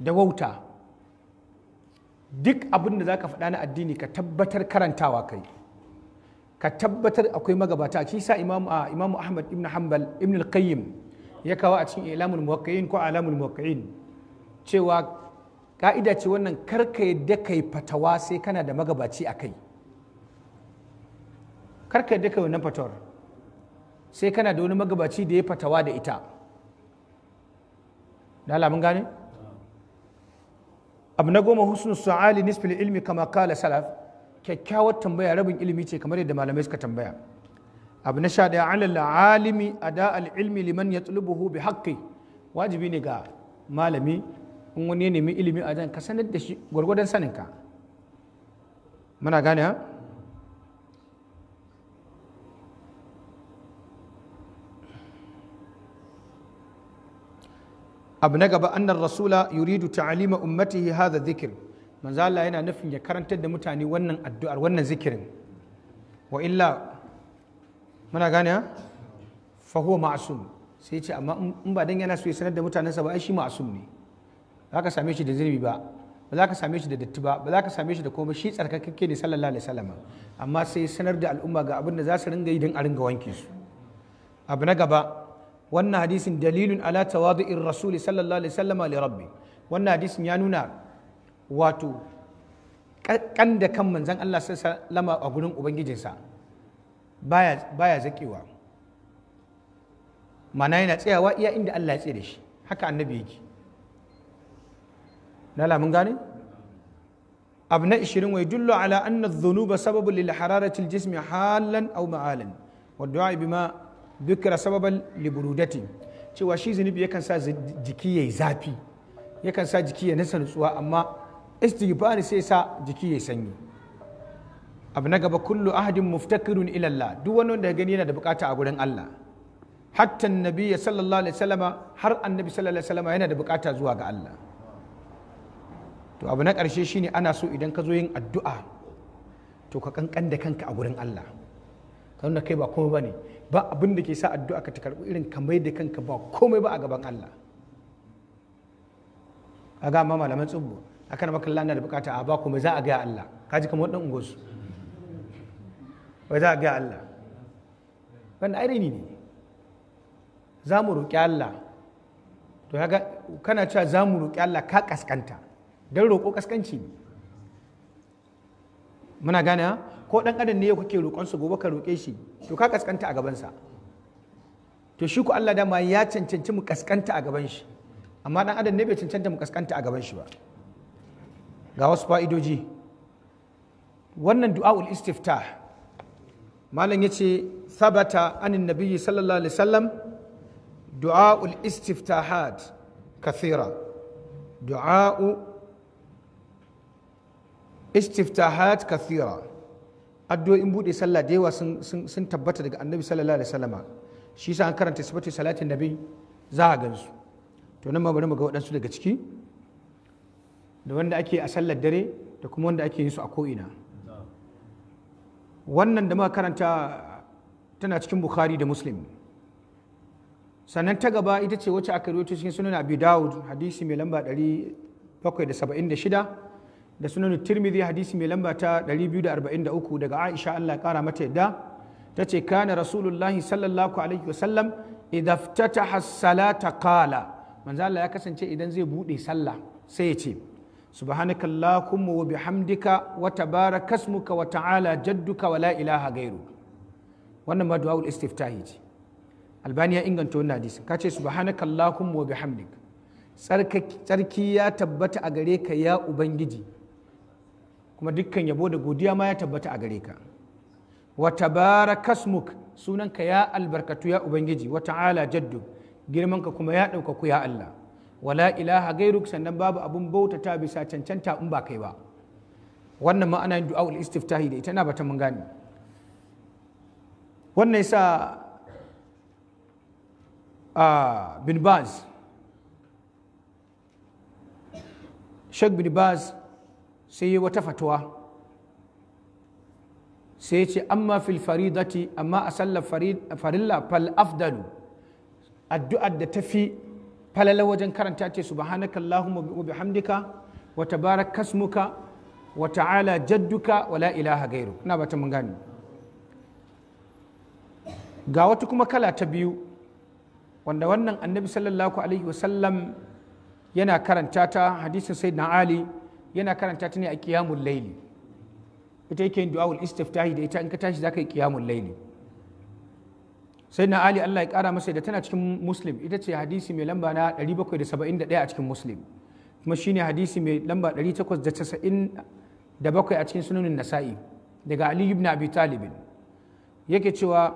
da wauta duk abin da za ka faɗa na addini ka tabbatar karantawa kai ka tabbatar akwai magabata shi sa imamu imamu ahmad ibn hanbal ibn al-qayyim ya kawo a cikin ilamul muwaqqi'in ko alamul muwaqqi'in cewa ka'ida ce wannan karka yadda kai fatawa sai kana da magabaci a kai karka yadda kai wannan fatawar sai kana da wani magabaci da ya fatawa da ita da alamun gane abu na goma husun su'ali nisfil ilmi kama kala salaf kyakkyawar tambaya rabin ilimi ce kamar yadda malamai suka tambaya abu na sha daya alal alimi ada al ilmi liman yatlubuhu bi haqqi wajibi ne ga malami in wani ya nemi ilimi a jan ka sanar da shi gwargwadon saninka muna gane ha abu na gaba annar rasula yuridu ta'alima ummatihi hadha dhikr manzo manzala yana nufin ya karantar da mutane wannan addu'ar wannan zikirin wa illa muna gane ha fa huwa ma'sum sai ce amma in ba dan yana so ya sanar da mutanensa ba ai shi ma'sum ne ba ka same shi da zunubi ba ba za ka same shi da datti ba ba za ka same shi da komai shi tsarkakakke ne sallallahu alaihi wasallam amma sai sanar da al'umma ga abin da za su ringa yi don a ringa wanke su abu na gaba wannan hadisin dalilun ala tawadu'ir rasuli sallallahu alaihi wasallam li rabbi wannan hadisin ya nuna wato kan da kan manzon Allah sallallahu alaihi a gurin ubangijinsa baya baya zakewa mana yana tsayawa iya inda Allah ya tsaye da shi haka annabi yake lala mun gane abu na 20 wai dullo ala anna dhunuba sababu lil hararati al jismi halan aw ma'alan wa du'a bima dhukira sababan li burudati cewa shi zunubi yakan sa jiki yayi zafi yakan sa jiki ya nasa nutsuwa amma istighfari sai sa jiki yayi sanyi abu na gaba kullu ahadin muftakirun ila Allah duk wani wanda gani yana da bukata a gurin Allah hatta annabi sallallahu alaihi wasallama har annabi sallallahu alaihi wasallama yana da bukata zuwa ga Allah to abu na ƙarshe shine ana so idan ka zo yin addu'a to ka kankan da kanka a gurin Allah ka nuna kai ba komai bane ba abin da ke sa addu'a ka ta karɓi irin ka mai da kanka ba komai ba a gaban Allah a ga ma malaman a akan maka lana da bukata a ba komai za a ga Allah ka ji kamar dan ungosu wai za a ga Allah wannan ai ne za mu roƙi Allah to kana cewa za mu roƙi Allah ka kaskanta don roƙo kaskanci ne muna gane ko ɗan adam ne kuke roƙon su gobe ka roƙe shi to ka kaskanta a gabansa to shi ku Allah dama ya cancanci mu kaskanta a gaban shi amma ɗan adam ne bai cancanta mu kaskanta a gaban shi ba ga wasu fa'idoji wannan du'a'ul istifta malam ya ce sabata anin nabiyyi sallallahu alaihi wasallam du'a'ul istiftahat kathira du'a'u istiftahat kathira addu'o'in bude sallah da yawa sun tabbata daga annabi sallallahu alaihi wasallama shi yasa an karanta sifatu salatin nabi za a gansu to nan ma bari mu ga waɗansu daga ciki da wanda ake a sallar dare da kuma wanda ake yin su a ko'ina wannan da ma karanta tana cikin bukhari da muslim sannan ta gaba ita ce wacce aka rubuta cikin sunan abi dawud hadisi mai lamba 776 da sunan tirmidhi hadisi mai lamba ta 243 daga aisha Allah kara mata yadda ta ce kana rasulullahi sallallahu alaihi wasallam idza ftataha salata qala manzo Allah ya kasance idan zai bude sallah sai ya ce subhanakallahumma wa bihamdika wa tabarakasmuka wa ta'ala jadduka wa la ilaha gairu wannan ma du'a istiftahi ce albani ya inganta wannan hadisi ka ce subhanakallahumma wa bihamdika tsarki ya tabbata a gare ka ya ubangiji kuma dukkan yabo da godiya ma ya tabbata a gare ka wa tabarakasmuk sunanka ya albarkatu ya ubangiji wa ta'ala jaddu girmanka kuma ya ɗaukaku ya Allah wala ilaha gairuk sannan babu abun bautata bisa cancanta in ba kai ba wannan ma'ana yin du'a'ul istiftahi da ita na bata mun gane wannan yasa a bin baz shek bin baz sai yi wata fatuwa sai ce amma fil faridati amma a sallar farilla fal afdalu addu'ar da tafi falala wajen karanta ce subhanaka allahumma wa bihamdika wa tabarak kasmuka wa ta'ala jadduka wa la ilaha gairu ina bata mun gani ga wata kuma kala ta biyu wanda wannan annabi sallallahu alaihi wasallam yana karanta ta hadisin sayyidina ali yana karanta ta ne a kiyamun laili ita yake yin du'aul istiftahi da ita in ka tashi zaka yi kiyamun laili sai na ali Allah ya kara masa da tana cikin muslim ita ce hadisi mai lamba na 771 a cikin muslim kuma shine hadisi mai lamba 897 a cikin sunanin nasa'i daga ali ibn abi talibin yake cewa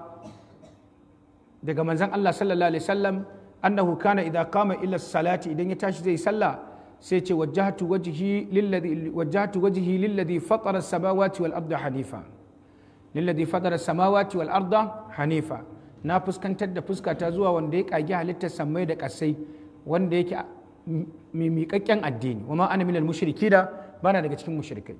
daga manzon Allah sallallahu alaihi wasallam annahu kana idza qama ila salati idan ya tashi zai sallah sai ce wajjahtu wajihi lilladhi fatara samawati wal arda hanifa lilladhi fatara samawati wal arda hanifa na fuskantar da fuskata zuwa wanda ya kage halittar samai da kasai wanda yake miƙaƙƙen addini wa ma ana minal mushriki da bana daga cikin mushrikai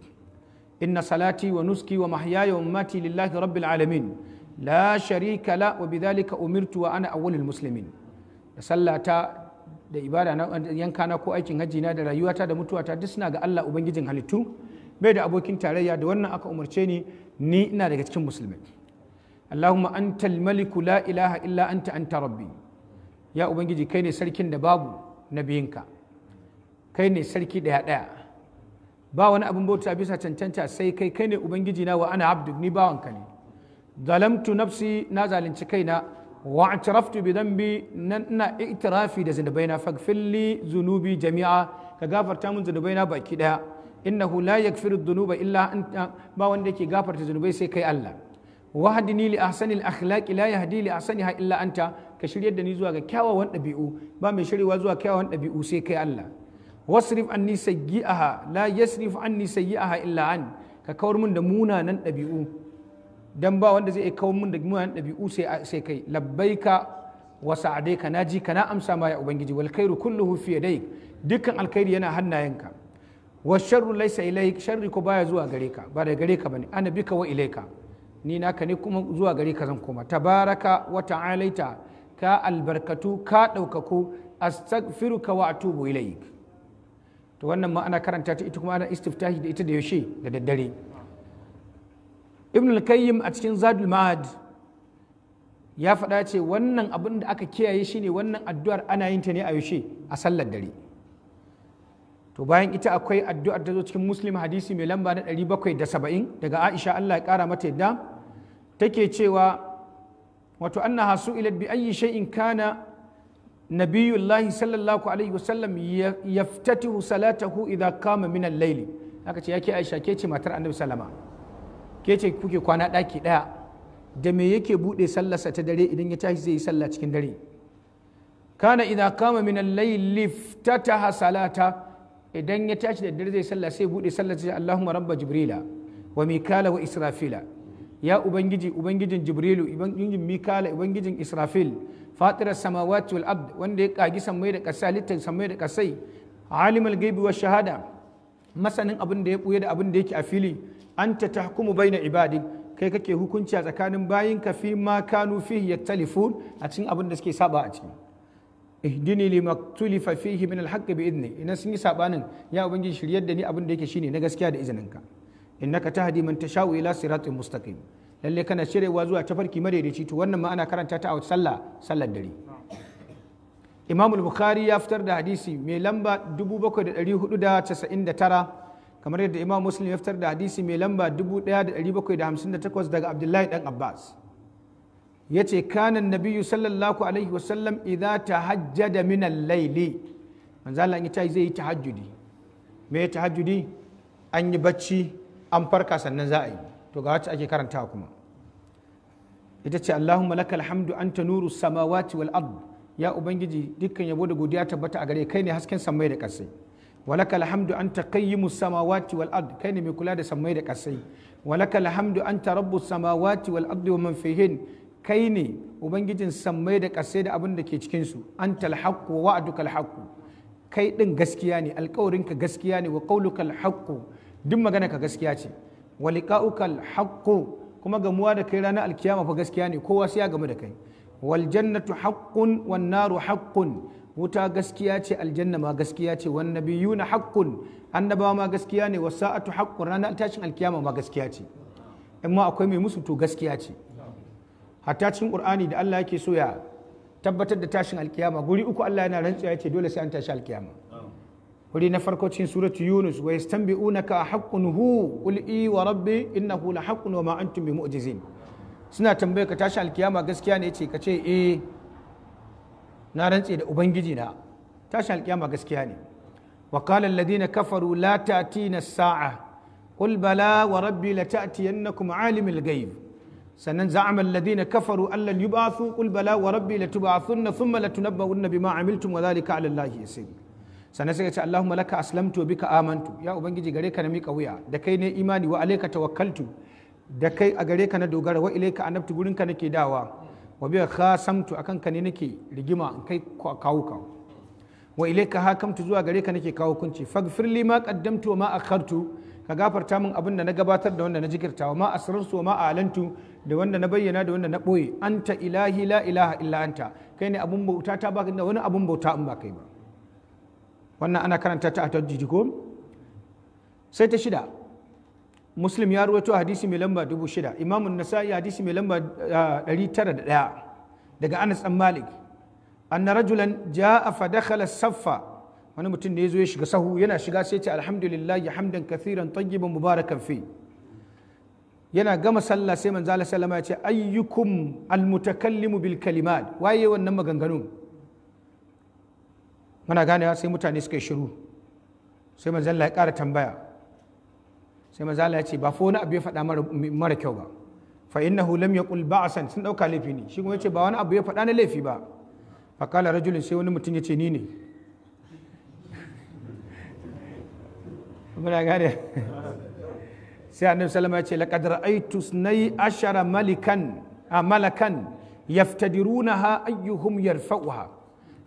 inna salati wa nuski wa mahyaya wa mamati lillahi rabbil alamin la sharika la wa bidhalika umirtu wa ana awwalul muslimin da sallata da ibada na yanka na ko aikin hajji na da rayuwata da mutuwata duk suna ga Allah ubangijin halittu bai da abokin tarayya da wannan aka umarce ni ni ina daga cikin musulmi Allahumma antal maliku la ilaha illa anta anta rabbi ya ubangiji kai ne sarkin da babu nabiyinka kai ne sarki daya daya ba wani abin bauta bisa cancanta sai kai kai ne ubangiji na wa ana abdu ni bawanka ne zalamtu nafsi na zalunci kaina wa atraftu bi dambi nan ina itirafi da zunubai na? faghfirli zunubi jami'a ka gafarta min zunubai na baki daya innahu la yaghfiru dhunuba illa anta ba wanda yake gafarta zunubai sai kai Allah wahdini li ahsanil akhlaqi la yahdi li ahsaniha illa anta ka shiryar da ni zuwa ga kyawawan ɗabi'u ba mai shiryewa zuwa kyawawan ɗabi'u sai kai Allah wasrif anni sayyi'aha la yasrif anni sayyi'aha illa an ka kawar min da munanan ɗabi'u dan ba wanda zai kawo mun da munanan ɗabi'u sai kai labbaika wa sa'adaika naji na amsa ma ya ubangiji wal khairu kulluhu fi yadayk dukkan alkhairi yana hannayenka wa sharru laysa ilayk sharri ko baya zuwa gare ka ba da gare ka bane ana bika wa ilayka ni naka ne kuma zuwa gare ka zan koma tabaraka wa ta'alaita ka albarkatu ka ɗaukaku astaghfiruka wa atubu ilayk to wannan ma ana karanta ta ita kuma ana istiftahi da ita da yaushe da daddare ibn al a cikin zadul ma'ad ya faɗa ce wannan abin da aka kiyaye shi ne wannan addu'ar ana yin ta ne a yaushe a sallar dare to bayan ita akwai addu'ar ta zo cikin muslim hadisi mai lamba na 770 daga aisha allah ya ƙara mata yadda take cewa wato annaha su'ilat bi ayyi shay'in kana nabiyullahi sallallahu alaihi wasallam yaftatihu salatahu idha kama min al-layli aka ce yake aisha ke ce matar annabi sallama ke ce kuke kwana ɗaki ɗaya da me yake buɗe sallarsa ta dare idan ya tashi zai yi sallah cikin dare kana idza kama min al-layli ftataha salata idan ya tashi da dare zai salla sai buɗe sallar sai Allahumma rabba jibrila wa mikala wa israfila ya ubangiji ubangijin jibrilu ubangijin mikala ubangijin israfil fatirar samawati wal abd wanda ya kagi samai da kasa littan samai da kasai alimul ghaibi wa shahada masanin abin da ya buya da abin da yake a fili anta tahkumu baina ibadin kai kake hukunci a tsakanin bayinka fi ma kanu fihi yattalifun a cikin abin da suke saba a ciki ihdini lima tulifa fihi min alhaqqi bi idni ina sun yi sabanin ya ubangiji shiryar da ni abin da yake shine na gaskiya da izininka innaka tahdi man tashau ila siratin mustaqim lalle kana shirewa zuwa tafarki madaidaici to wannan ma ana karanta ta a sallah sallar dare imam bukhari ya fitar da hadisi mai lamba 7499 kamar yadda imam muslim ya fitar da hadisi mai lamba 1758 daga abdullahi dan abbas ya ce kanan nabiyu sallallahu alaihi wasallam ta hajja da minan laili manzo Allah zai yi tahajjudi me tahajjudi an yi bacci an farka sannan za a yi to ga wacce ake karantawa kuma ita ce Allahumma lakal hamdu anta nuru samawati wal ard ya ubangiji dukkan yabo da godiya tabbata a gare kai ne hasken samai da ƙarsai. walakal hamdu anta qayyimus samawati wal ard kai ne mai kula da sammai da kasai walakal hamdu anta rabbus samawati wal ard wa man fihin kai ne ubangijin sammai da kasai da abin da ke cikin su antal haqqu wa wa'dukal haqqu kai ɗin gaskiya ne alƙawarinka gaskiya ne wa qaulukal haqqu duk magana ka gaskiya ce wa liqa'ukal haqqu kuma gamuwa da kai ranar alkiyama fa gaskiya ne kowa sai ya gamu da kai wal jannatu haqqun wan naru wuta gaskiya ce aljanna ma gaskiya ce wan nabiyuna haqqun annabawa ma gaskiya ne wasa'atu haqqun ranar tashin alkiyama ma gaskiya ce in ma akwai mai musu to gaskiya ce hatta cikin qur'ani da Allah yake so ya tabbatar da tashin alkiyama guri uku Allah yana rantsuwa yace dole sai an tashi alkiyama guri na farko cikin suratu yunus wa yastanbi'unaka haqqun hu qul i wa rabbi innahu la haqqun wa ma antum bi mu'jizin suna tambaye ka tashi alkiyama gaskiya ne yace ka ce eh na rantse da ubangiji na tashin alkiyama gaskiya ne wa qala alladhina kafaru la ta'tina sa'a qul bala wa rabbi la ta'tiyannakum alimul ghaib sannan za'ama alladhina kafaru an lan yub'athu qul bala wa rabbi la tub'athunna thumma la tunabba'unna bima amiltum wa dhalika 'ala allahi yasir sannan sai ce Allahumma laka aslamtu bika amantu ya ubangiji gare ka na mika wuya da kai ne imani wa alayka tawakkaltu da kai a gare ka na dogara wa ilayka anabtu gurin ka nake dawa wa biya samtu akan ka ne nake rigima in kai kawo kawo wa ka hakamtu zuwa gare ka nake kawo kunci fagfirli ma kaddamtu wa ma akhartu ka gafarta min abin da na gabatar da wanda na jikirta wa ma asrartu wa ma alantu da wanda na bayyana da wanda na boye anta ilahi la ilaha illa anta kai ne abun bauta ta baka da wani abun bauta in ba kai ba wannan ana karanta ta a tajjidi ko sai ta shida muslim ya ruwaito hadisi mai lamba dubu shida imamun nasa'i hadisi mai lamba ah, ɗari tara da ɗaya daga anas ɗan malik anna rajulan ja'a fa dakhala saffa wani mutum ne ya zo ya shiga sahu yana shiga sai ce alhamdulillah hamdan kathiran tayyiban mubarakan fi yana gama sallah sai manzo Allah sallama ya ce ayyukum almutakallimu bil kalimat waye wannan maganganu muna ganewa sai mutane suka shiru sai manzo Allah ya ƙara tambaya sai mazala ya ce ba wani abu ya faɗa mara kyau ba fa innahu lam yaqul ba'san sun dauka laifi ne shi kuma yace ba wani abu ya faɗa na laifi ba fa kala rajulun sai wani mutum yace ni ne muna gane sai annabi sallama yace laqad ra'aytu sunai ashara malikan a malakan yaftadirunaha ayyuhum yarfa'uha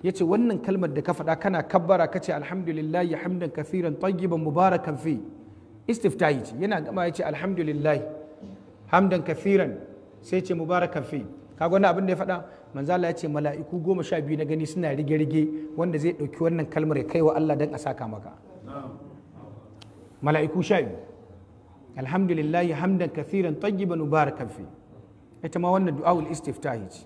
yace wannan kalmar da ka faɗa kana kabbara kace alhamdulillah hamdan kathiran tayyiban mubarakan fi istiftahi ce yana gama ya ce alhamdulillahi hamdan kafiran sai ce mubarakan fi Ka wannan abin da ya faɗa Manzala ya ce mala'iku goma sha biyu na gani suna rige-rige wanda zai ɗauki wannan kalmar ya kai wa Allah don a saka maka mala'iku sha biyu Alhamdulillah, hamdan kafiran tayyiban mubarakan fi ita ma wannan du'aul istiftahi ce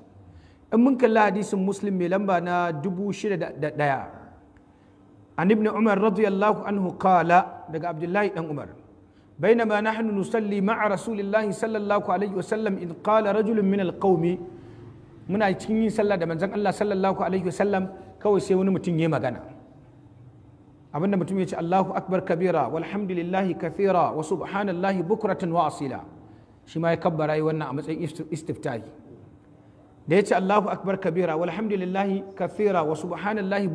in mun kalla hadisin muslim mai lamba na dubu shida da ɗaya an ibn umar radiyallahu anhu kala. daga abdullahi dan umar bainama nahnu nusalli ma'a rasulillahi sallallahu alaihi wasallam in qala cikin yin sallah da manzon Allah sai wani mutum ya magana abinda mutum ya ce Allahu akbar kabira walhamdulillahi kathira wa subhanallahi bukratan wa shi ma ya kabbara yi wannan a matsayin istiftahi da ya ce Allahu akbar kabira walhamdulillahi kathira wa subhanallahi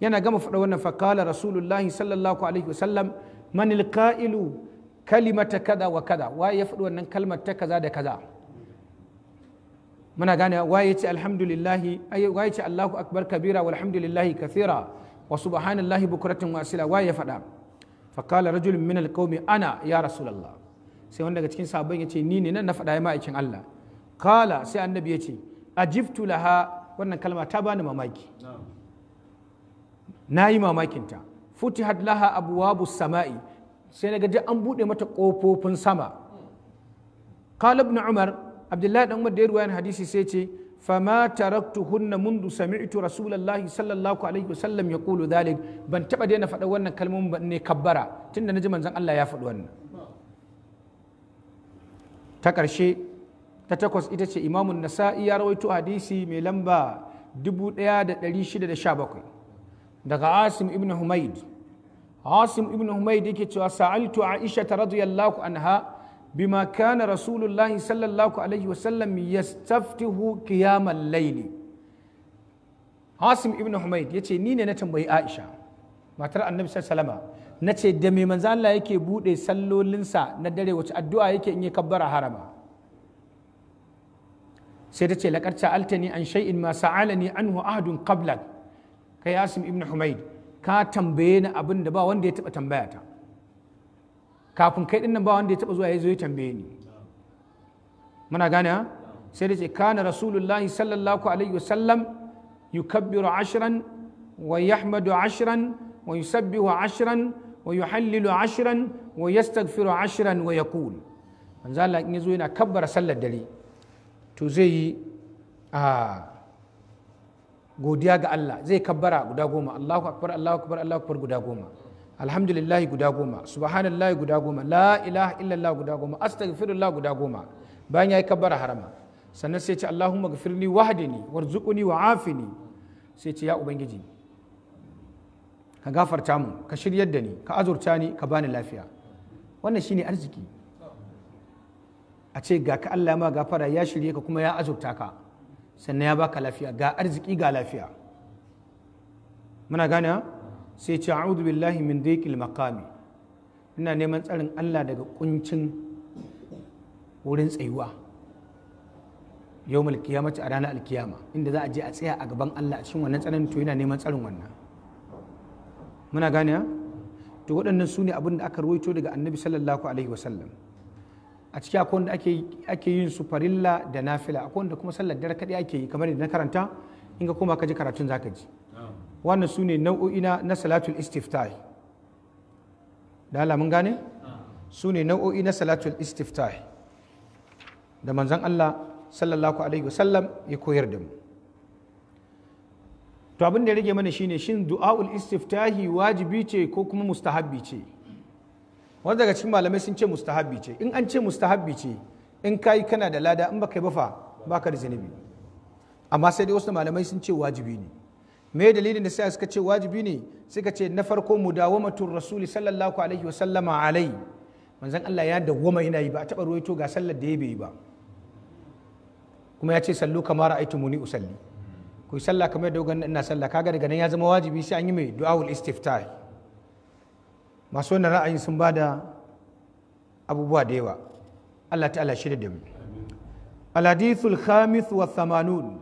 yana gama faɗa wannan fakala rasulullahi sallallahu alaihi wasallam manil ka'ilu kalimata kada wa kada waye ya faɗi wannan kalmar ta kaza da kaza muna gane waye ya ce alhamdulillahi waye ce allahu akbar kabira walhamdulillahi kathira wa subhanallahi bukratin wasila waye ya faɗa fakala rajulun min alqaumi ana ya rasulullah sai wanda daga cikin sahabban ya ce ni ne nan na faɗa ya ma'aikin Allah kala sai annabi ya ce ajibtu laha wannan kalma ta bani mamaki na yi mamakinta futihat laha abuwabu sama'i sai na gaji an buɗe mata ƙofofin sama qala na umar abdullahi dan umar da ruwayan hadisi sai ce fama hunna mundu sami'tu rasulullahi sallallahu alaihi wasallam yaqulu dhalik ban taba daina faɗa wannan kalmomin ba ne kabbara tunda naji manzon Allah ya faɗi wannan ta ƙarshe ta takwas ita ce imamun nasa'i ya rawaito hadisi mai lamba 1617 daga asim ibn humaid asim ibn humaid yake cewa sa'altu aisha radiyallahu anha bima kana rasulullahi sallallahu alaihi wasallam yastaftihu qiyamal layli asim ibn humaid yace ni ne na tambayi aisha matar annabi sallallahu na ce da mai manzo Allah yake bude sallolinsa na dare wace addu'a yake in yi kabbara harama sai ta ce laqad sa'altani an shay'in ma sa'alani anhu ahadun qablak kai Yasim ibn Humaid ka tambaye ni abin da ba wanda ya taba tambaya ta kafin kai dinnan ba wanda ya taba zuwa ya zo ya tambaye ni muna gane ha sai da ce kana rasulullahi sallallahu alaihi wasallam yukabbiru ashran wa yahmadu ashran wa yusabbihu ashran wa yuhallilu ashran wa yastaghfiru ashran wa yaqul manzo Allah in yazo yana kabbara sallar dare to zai yi a ah, godiya ga Allah zai kabbara guda goma Allahu akbar Allahu akbar Allahu akbar guda goma alhamdulillah guda goma subhanallah guda goma la ilaha illallah guda goma astaghfirullah guda goma bayan yayi kabbara harama sannan sai ce Allahumma gafirli wahdini warzuqni wa'afini sai ce ya ubangiji ka gafarta mu ka shiryar da ni ka azurta ni ka bani lafiya wannan shine arziki a ce ga ka Allah ma gafara ya shirye ka kuma ya azurta ka sannan ya baka lafiya ga arziki ga lafiya muna gane sai ce a'udhu billahi min dhikil maqami ina neman tsarin Allah daga kuncin wurin tsayuwa yawmul kiyamati a ranar alkiyama inda za a je a tsaya a gaban Allah a cikin wannan tsarin to yana neman tsarin wannan muna gane to waɗannan su ne abin da aka ruwaito daga annabi sallallahu alaihi wasallam a ciki akwai wanda ake yin su farilla da nafila akwai wanda kuma sallar dare kaɗai ake yi kamar na karanta in ka koma ka ji karatun zaka ji wannan su ne nau'o'i na salatul istiftah da Allah mun gane su ne nau'o'i na salatul istiftah da manzon Allah sallallahu alaihi wasallam ya koyar da mu to abin da ya rage mana shine shin du'a'ul istiftahi wajibi ce ko kuma mustahabbi ce wani daga cikin malamai sun ce mustahabbi ce in an ce mustahabbi ce in kayi kana da lada in baka yi bafa baka da zinubi amma sai dai wasu malamai sun ce wajibi ne me dalilin da sai suka ce wajibi ne suka ce na farko mudawamatul rasuli sallallahu alaihi wa sallama alai manzon Allah ya da dawwama yana yi ba a taba ruwaito ga sallar da ya bai ba kuma ya ce sallu kamar muni usalli ku sallah kamar da ina sallah kaga daga nan ya zama wajibi sai an yi mai du'aul istiftah masu wannan ra'ayin sun ba da abubuwa da yawa Allah ta'ala shirya da mu al-hadithul khamis wa thamanun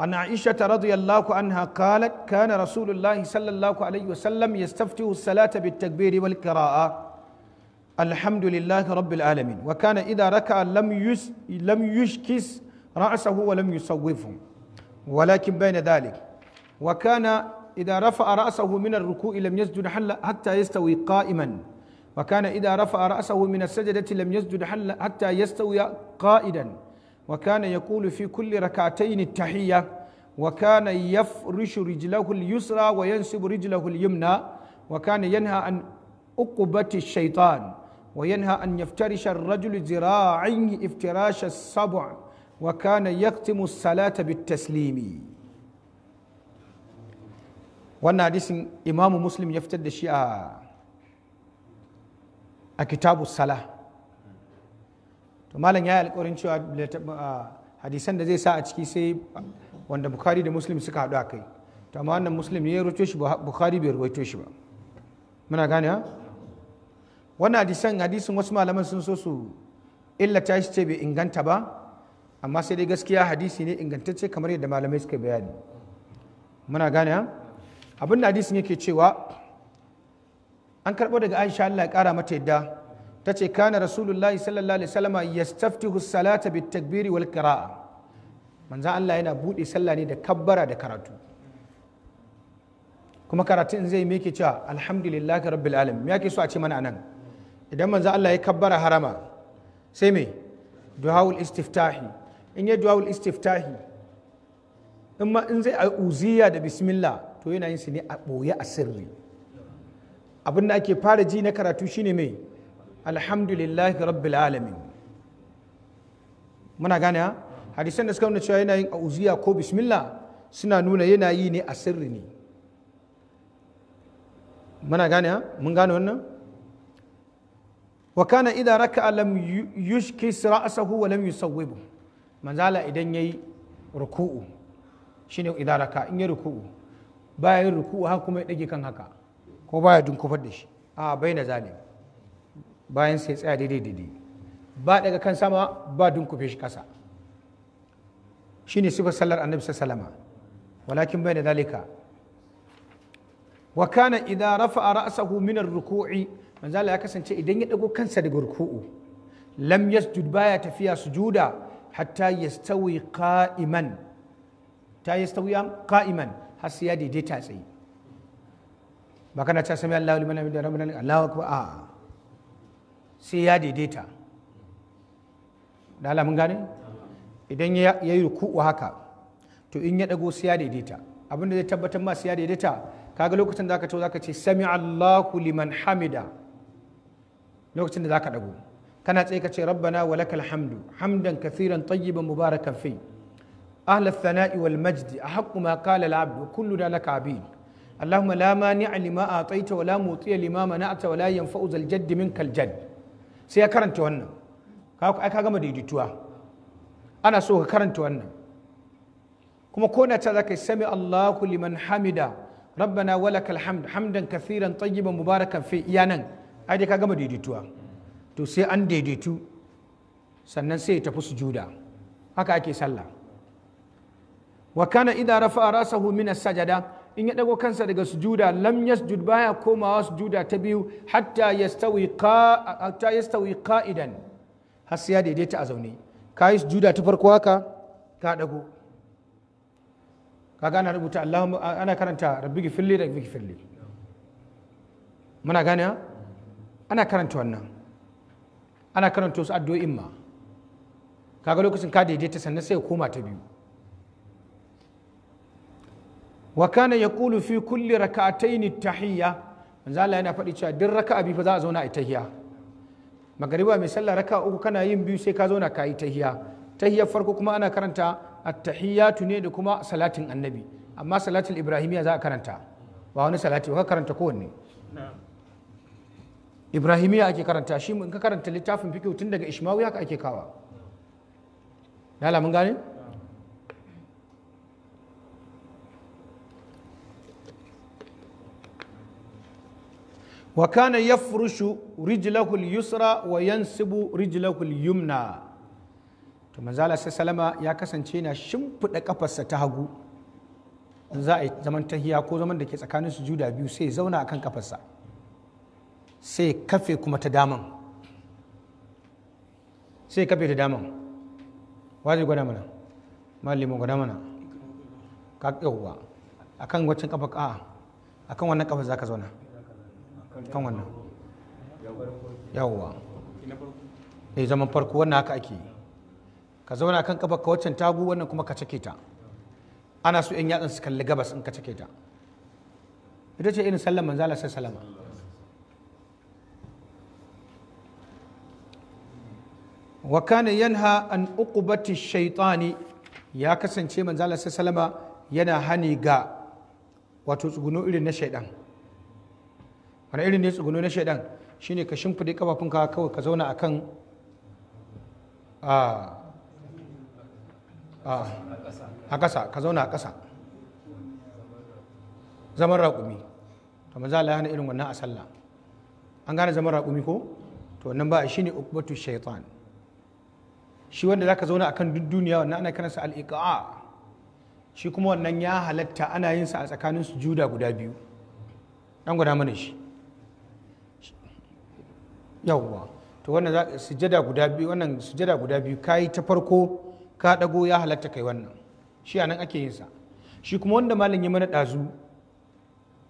an aisha ta radiyallahu anha qalat kana rasulullahi sallallahu alaihi wa sallam yastaftihu as-salata bit-takbir wal qira'a alhamdulillahi rabbil alamin wa kana idha raka'a lam yus lam yushkis ra'sahu wa lam yusawwifu ولكن بين ذلك وكان إذا رفع رأسه من الركوع لم يسجد حتى يستوي قائما وكان إذا رفع رأسه من السجدة لم يسجد حتى يستوي قائدا وكان يقول في كل ركعتين التحية وكان يفرش رجله اليسرى وينسب رجله اليمنى وكان ينهى عن عقبة الشيطان وينهى أن يفترش الرجل ذراعيه افتراش السبع وكان يختم الصلاة بالتسليم wannan hadisin imamu muslim ya fitar da shi a kitabu sala to malam ya yi alkawarin cewa hadisan da zai sa a ciki sai wanda bukari da muslim suka haɗu a kai to amma wannan muslim ne ya rubuto shi bukari bai rubuto shi ba muna gane ha wannan hadisan hadisin wasu malaman sun so su illata shi ce bai inganta ba amma sai dai gaskiya hadisi ne ingantacce kamar yadda malamai suka bayani muna gane ha abin da hadisin yake cewa an karɓo daga aisha allah ya ƙara mata yadda ta ce kana rasulullahi sallallahu alaihi wasallama yastaftihu salata bit takbiri wal qira'a manzan allah yana buɗe sallah ne da kabbara da karatu kuma karatun zai me cewa alhamdulillahi rabbil alamin me ke so a ce mana anan idan manzan allah ya kabbara harama sai me duhawul istiftahi in ya duhawul istiftahi in ma in zai a uziya da bismillah to yana yin su ne a ɓoye a sirri abin da ake fara ji na karatu shine mai alhamdulillah rabbil alamin muna gane hadisan da suka nuna cewa yana yin auziya ko bismillah suna nuna yana yi ne a sirri ne muna gane mun gane wannan wa kana idan raka lam yushkis ra'sahu wa lam yusawwibu manzala idan yayi ruku'u shine idan raka in yi ruku'u baya yin ruku haka kuma ya ɗage kan haka ko baya dunkufar da shi a bai na zalim bayan sai tsaya daidai daidai ba daga kan sama ba dunkufe shi kasa ne sifar sallar annabi Salama? walakin bai na dalika wa kana idza rafa'a ra'sahu min ar-ruku'i manzo ya kasance idan ya ɗago kansa daga ruku'u lam yasjud baya tafiya sujuda hatta yastawi qa'iman ta yastawi qa'iman har sai ya daidaita tsaye ba kana ta sami Allahu liman da rabbana Allahu akbar a sai ya daidaita da alamun gane idan ya yi ruku'u haka to in ya dago sai ya daidaita abinda zai tabbatar ma sai ya daidaita kaga lokacin da zaka to zaka ce sami Allahu liman hamida lokacin da zaka dago kana tsaye ka ce rabbana walakal hamdu hamdan kathiran tayyiban mubarakan fi أهل الثناء والمجد أحق ما قال العبد وكلنا لك عبيد اللهم لا مانع لما أعطيت ولا موطي لما منعت ولا ينفع ذا الجد منك الجد sai ya karanta wannan ka gama daidaituwa ana so ka karanta wannan kuma ko na ta zaka sami Allahu liman hamida rabbana walakal hamd hamdan kathiran tayyiban mubarakan fi iyanan ai dai ka gama daidaituwa to sai an daidaitu sannan sai ya tafi sujuda haka ake sallah wa kana idza rafa'a rasahu min as-sajada in ya dago kansa daga sujuda lam yasjud baya komawa sujuda ta biyu hatta ya qa ka'idan. yastawi ya daidaita a zaune Ka kai sujuda ta farko haka ka dago kaga ana rubuta Allahumma ana karanta rabbi da rabbi gifirli muna gane ana karanta wannan ana karanta wasu addu'o'in ma kaga lokacin ka daidaita sannan sai ya koma ta biyu wa kana kulu fi kulli ni tahiyya manzo Allah yana faɗi cewa duk raka'a biyu fa za a zauna a tahiyya magariba mai sallah raka uku kana yin biyu sai ka zauna ka yi tahiyya tahiyyar farko kuma ana karanta at-tahiyyatu ne da kuma salatin annabi amma salatul ibrahimiyya za a karanta ba wani salati ba karanta kowanne ibrahimiyya ake karanta shi in ka karanta littafin fikihu tun daga ishmawi ka ake kawa ya mun gane wa kana yafrushu rijlahu yusra wa yansibu rijlahu yumna to manzo Allah salama ya kasance yana shimfiɗa kafarsa ta hagu za a yi zaman tahiya ko zaman da ke tsakanin juda biyu sai ya zauna akan kafarsa sai kafe kuma ta daman sai kafe ta daman wajen gwada mana malimin gwada mana ka yauwa akan wancan kafa a akan wannan kafa za ka zauna kan wannan yawwa ne eh, zaman farko wannan haka ake yi ka zauna kan kafa ka tagu wannan kuma ka cake ta ana so 'yan yatsan su kalli gabas in ka cake ta ita ce irin sallan manzala sai salama wa kana yanha an uqubati shaytani ya kasance manzala sai salama yana hani ga wato tsuguno irin na shaidan wani irin ne tsuguno na shaidan shine ka shimfide kafafunka kawai ka zauna kan a ƙasa ka zauna a ƙasa zaman raƙumi to maza Allah hana irin wannan a sallah an gane zaman raƙumi ko to wannan ba shine ukubatu shaitan shi wanda zaka zauna akan duk duniya wannan ana kiransa al shi kuma wannan ya halatta ana yin sa a tsakanin sujuda guda biyu dan guda mana shi yawwa to wannan sujada guda biyu wannan sujada guda biyu kayi ta farko ka dago ya halatta kai wannan shi anan ake yin sa shi kuma wanda malam ya mana dazu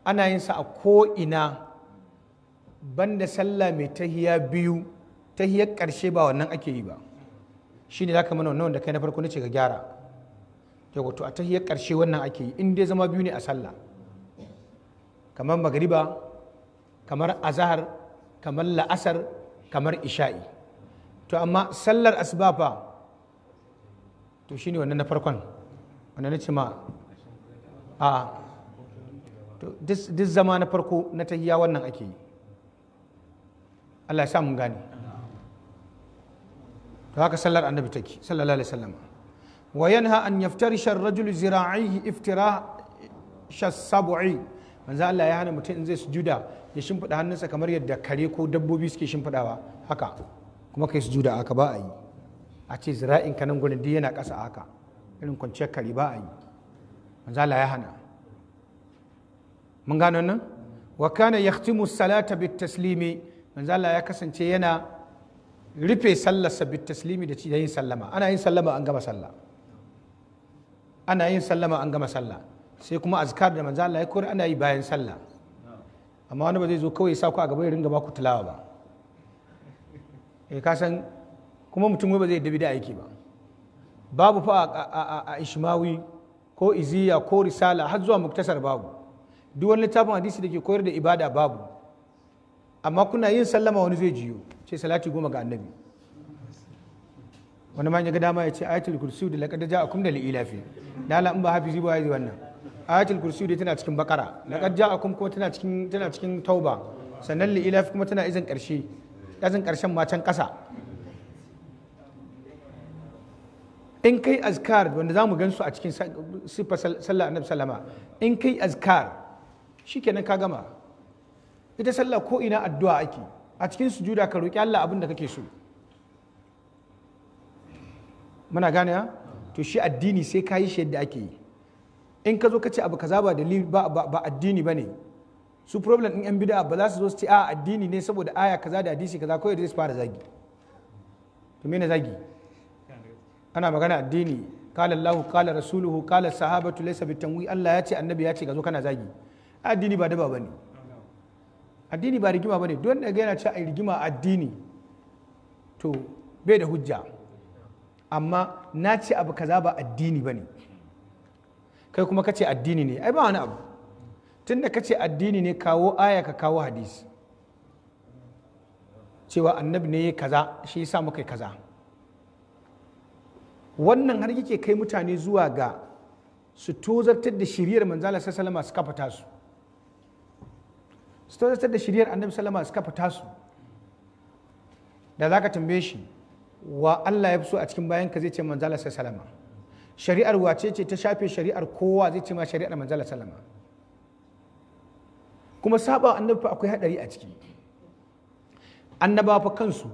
ana yin sa a ko ina banda sallah mai tahiya biyu tahiyar karshe ba wannan ake yi ba shi ne zaka mana wannan wanda kai na farko nace ga gyara yawwa to a tahiyar karshe wannan ake yi in dai zama biyu ne a sallah kamar magariba kamar azahar kamar la'asar kamar isha'i to amma sallar asuba fa to shine wannan na farkon wannan na ce ma a duk zama na farko na tahiya wannan ake yi Allah ya sa mun gane to haka sallar annabi take sallallahu alaihi wasallam wa yanha an yaftarisha ar-rajul zira'ihi iftirah shasabu'i manzo Allah ya hana mutum in zai sujuda ya shimfiɗa hannunsa kamar yadda kare ko dabbobi suke shimfiɗawa haka kuma kai juda aka ba a yi a ce zira'in kanan nan duk yana ƙasa haka irin kwanciyar kare ba a yi manzala ya hana mun gano nan wa kana yahtimu salata bit taslimi manzala ya kasance yana rufe sallasa bit taslimi da yin sallama ana yin sallama an gama sallah ana yin sallama an gama sallah sai kuma azkar da manzala ya kore ana yi bayan sallah amma wani ba zai zo kawai sa ku a gaba ya ringa ba ku tilawa ba e ka san kuma mutum ba zai dabi da aiki ba babu fa a ishmawi ko iziya ko risala har zuwa muktasar babu duk wani littafin hadisi da ke koyar da ibada babu amma kuna yin sallama wani zai jiyo ce salati goma ga annabi wani ma ya ga dama ya ce ayatul kursi da a ja'akum da li'ilafi dala in ba hafi ba ya wannan ayatul kursi dai tana cikin bakara laqad ja'akum kuma tana cikin tana cikin tauba sannan li ilaf kuma tana izin karshe izin karshen ma can kasa in kai azkar wanda zamu gansu a cikin sifa sallah annabi sallama in kai azkar shikenan ka gama ita sallah ko ina addu'a ake a cikin sujuda ka roki Allah abin da kake so muna gane to shi addini sai ka yi shi yadda ake yi in ka zo ka ce abu kaza ba dalili ba ba addini bane su problem din yan bid'a ba za su zo su ce a addini ne saboda aya kaza da hadisi kaza kawai da su fara zagi to me ne zagi ana magana addini qala Allah qala rasuluhu qala sahabatu laysa bitanwi Allah ya ce annabi ya ce ka zo kana zagi addini ba daba bane addini ba rigima bane don da ga yana cewa ai rigima addini to bai da hujja amma na ce abu kaza ba addini bane kai kuma kace addini ne ai ba wani abu tunda kace addini ne kawo aya ka kawo hadis cewa annabi ne kaza shi yasa muka kaza wannan har yake kai mutane zuwa ga su tozartar da shiriyar manzala sallama su kafa tasu su tozartar da shiriyar annabi sallama su kafa tasu da za ka tambaye shi wa Allah ya fi so a cikin bayan ka zai ce manzala sallama shari'ar wace ce ta shafe shari'ar kowa zai ce ma shari'ar manzala Salama kuma saba annabi akwai hadari a ciki annaba fa kansu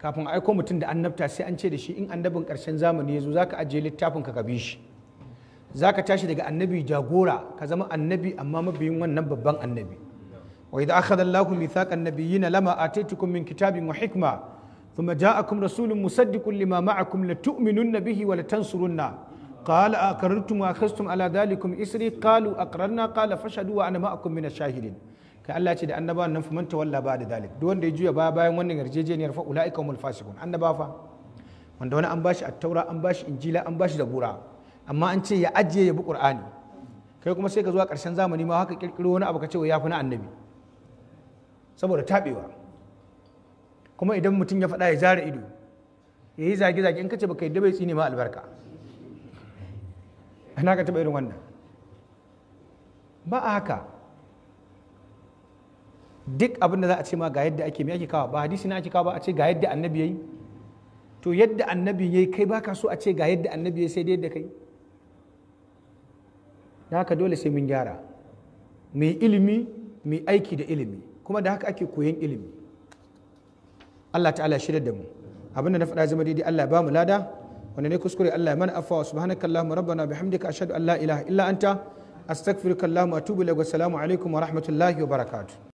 kafin a aiko mutum da annabta sai an ce da shi in annabin karshen zamani ya zo zaka ajiye littafin ka bi shi zaka tashi daga annabi jagora ka zama annabi amma mabiyin wannan babban annabi wa idza akhadha Allahu mithaqan nabiyyin lama ataitukum min kitabin wa hikma Kuma ja رسول مصدق لما معكم لتؤمنن به ولتنصرنه قال أقررتم وأخذتم على ذلكم إسري قالوا أقررنا قال فاشهدوا وأنا معكم ka Allah ce da annaba nan fa manta walla ba da dalik duk wanda ya juya baya bayan wannan yarjejeniyar fa ulaika humul fasiqun annaba fa wanda wani an bashi attaura an bashi injila an bashi zabura amma an ce ya ajiye ya bi qur'ani kai kuma sai ka zuwa karshen zamani ma haka kirkiro wani abu ya fi na annabi saboda taɓewa. kuma idan mutum ya faɗa ya zara ido ya yi zage-zage in kace baka yadda bai tsine ma albarka ana ka taɓa irin wannan ba a haka duk abin da za a ce ma ga yadda ake mai ake kawo ba hadisi na ake kawo ba a ce ga yadda annabi ya yi to yadda annabi ya yi kai ba ka so a ce ga yadda annabi ya sai da yadda kai da haka dole sai mun gyara mai ilimi mai aiki da ilimi kuma da haka ake koyon ilimi Allah ta'ala shirya da mu abinda na faɗa zama daidai Allah ba mu lada wanda ne kuskure Allah mana afawa subhanaka allahumma rabbana bihamdika ashhadu an la ilaha illa anta astaghfiruka allahumma atubu ilaik assalamu alaikum wa rahmatullahi wa barakatuh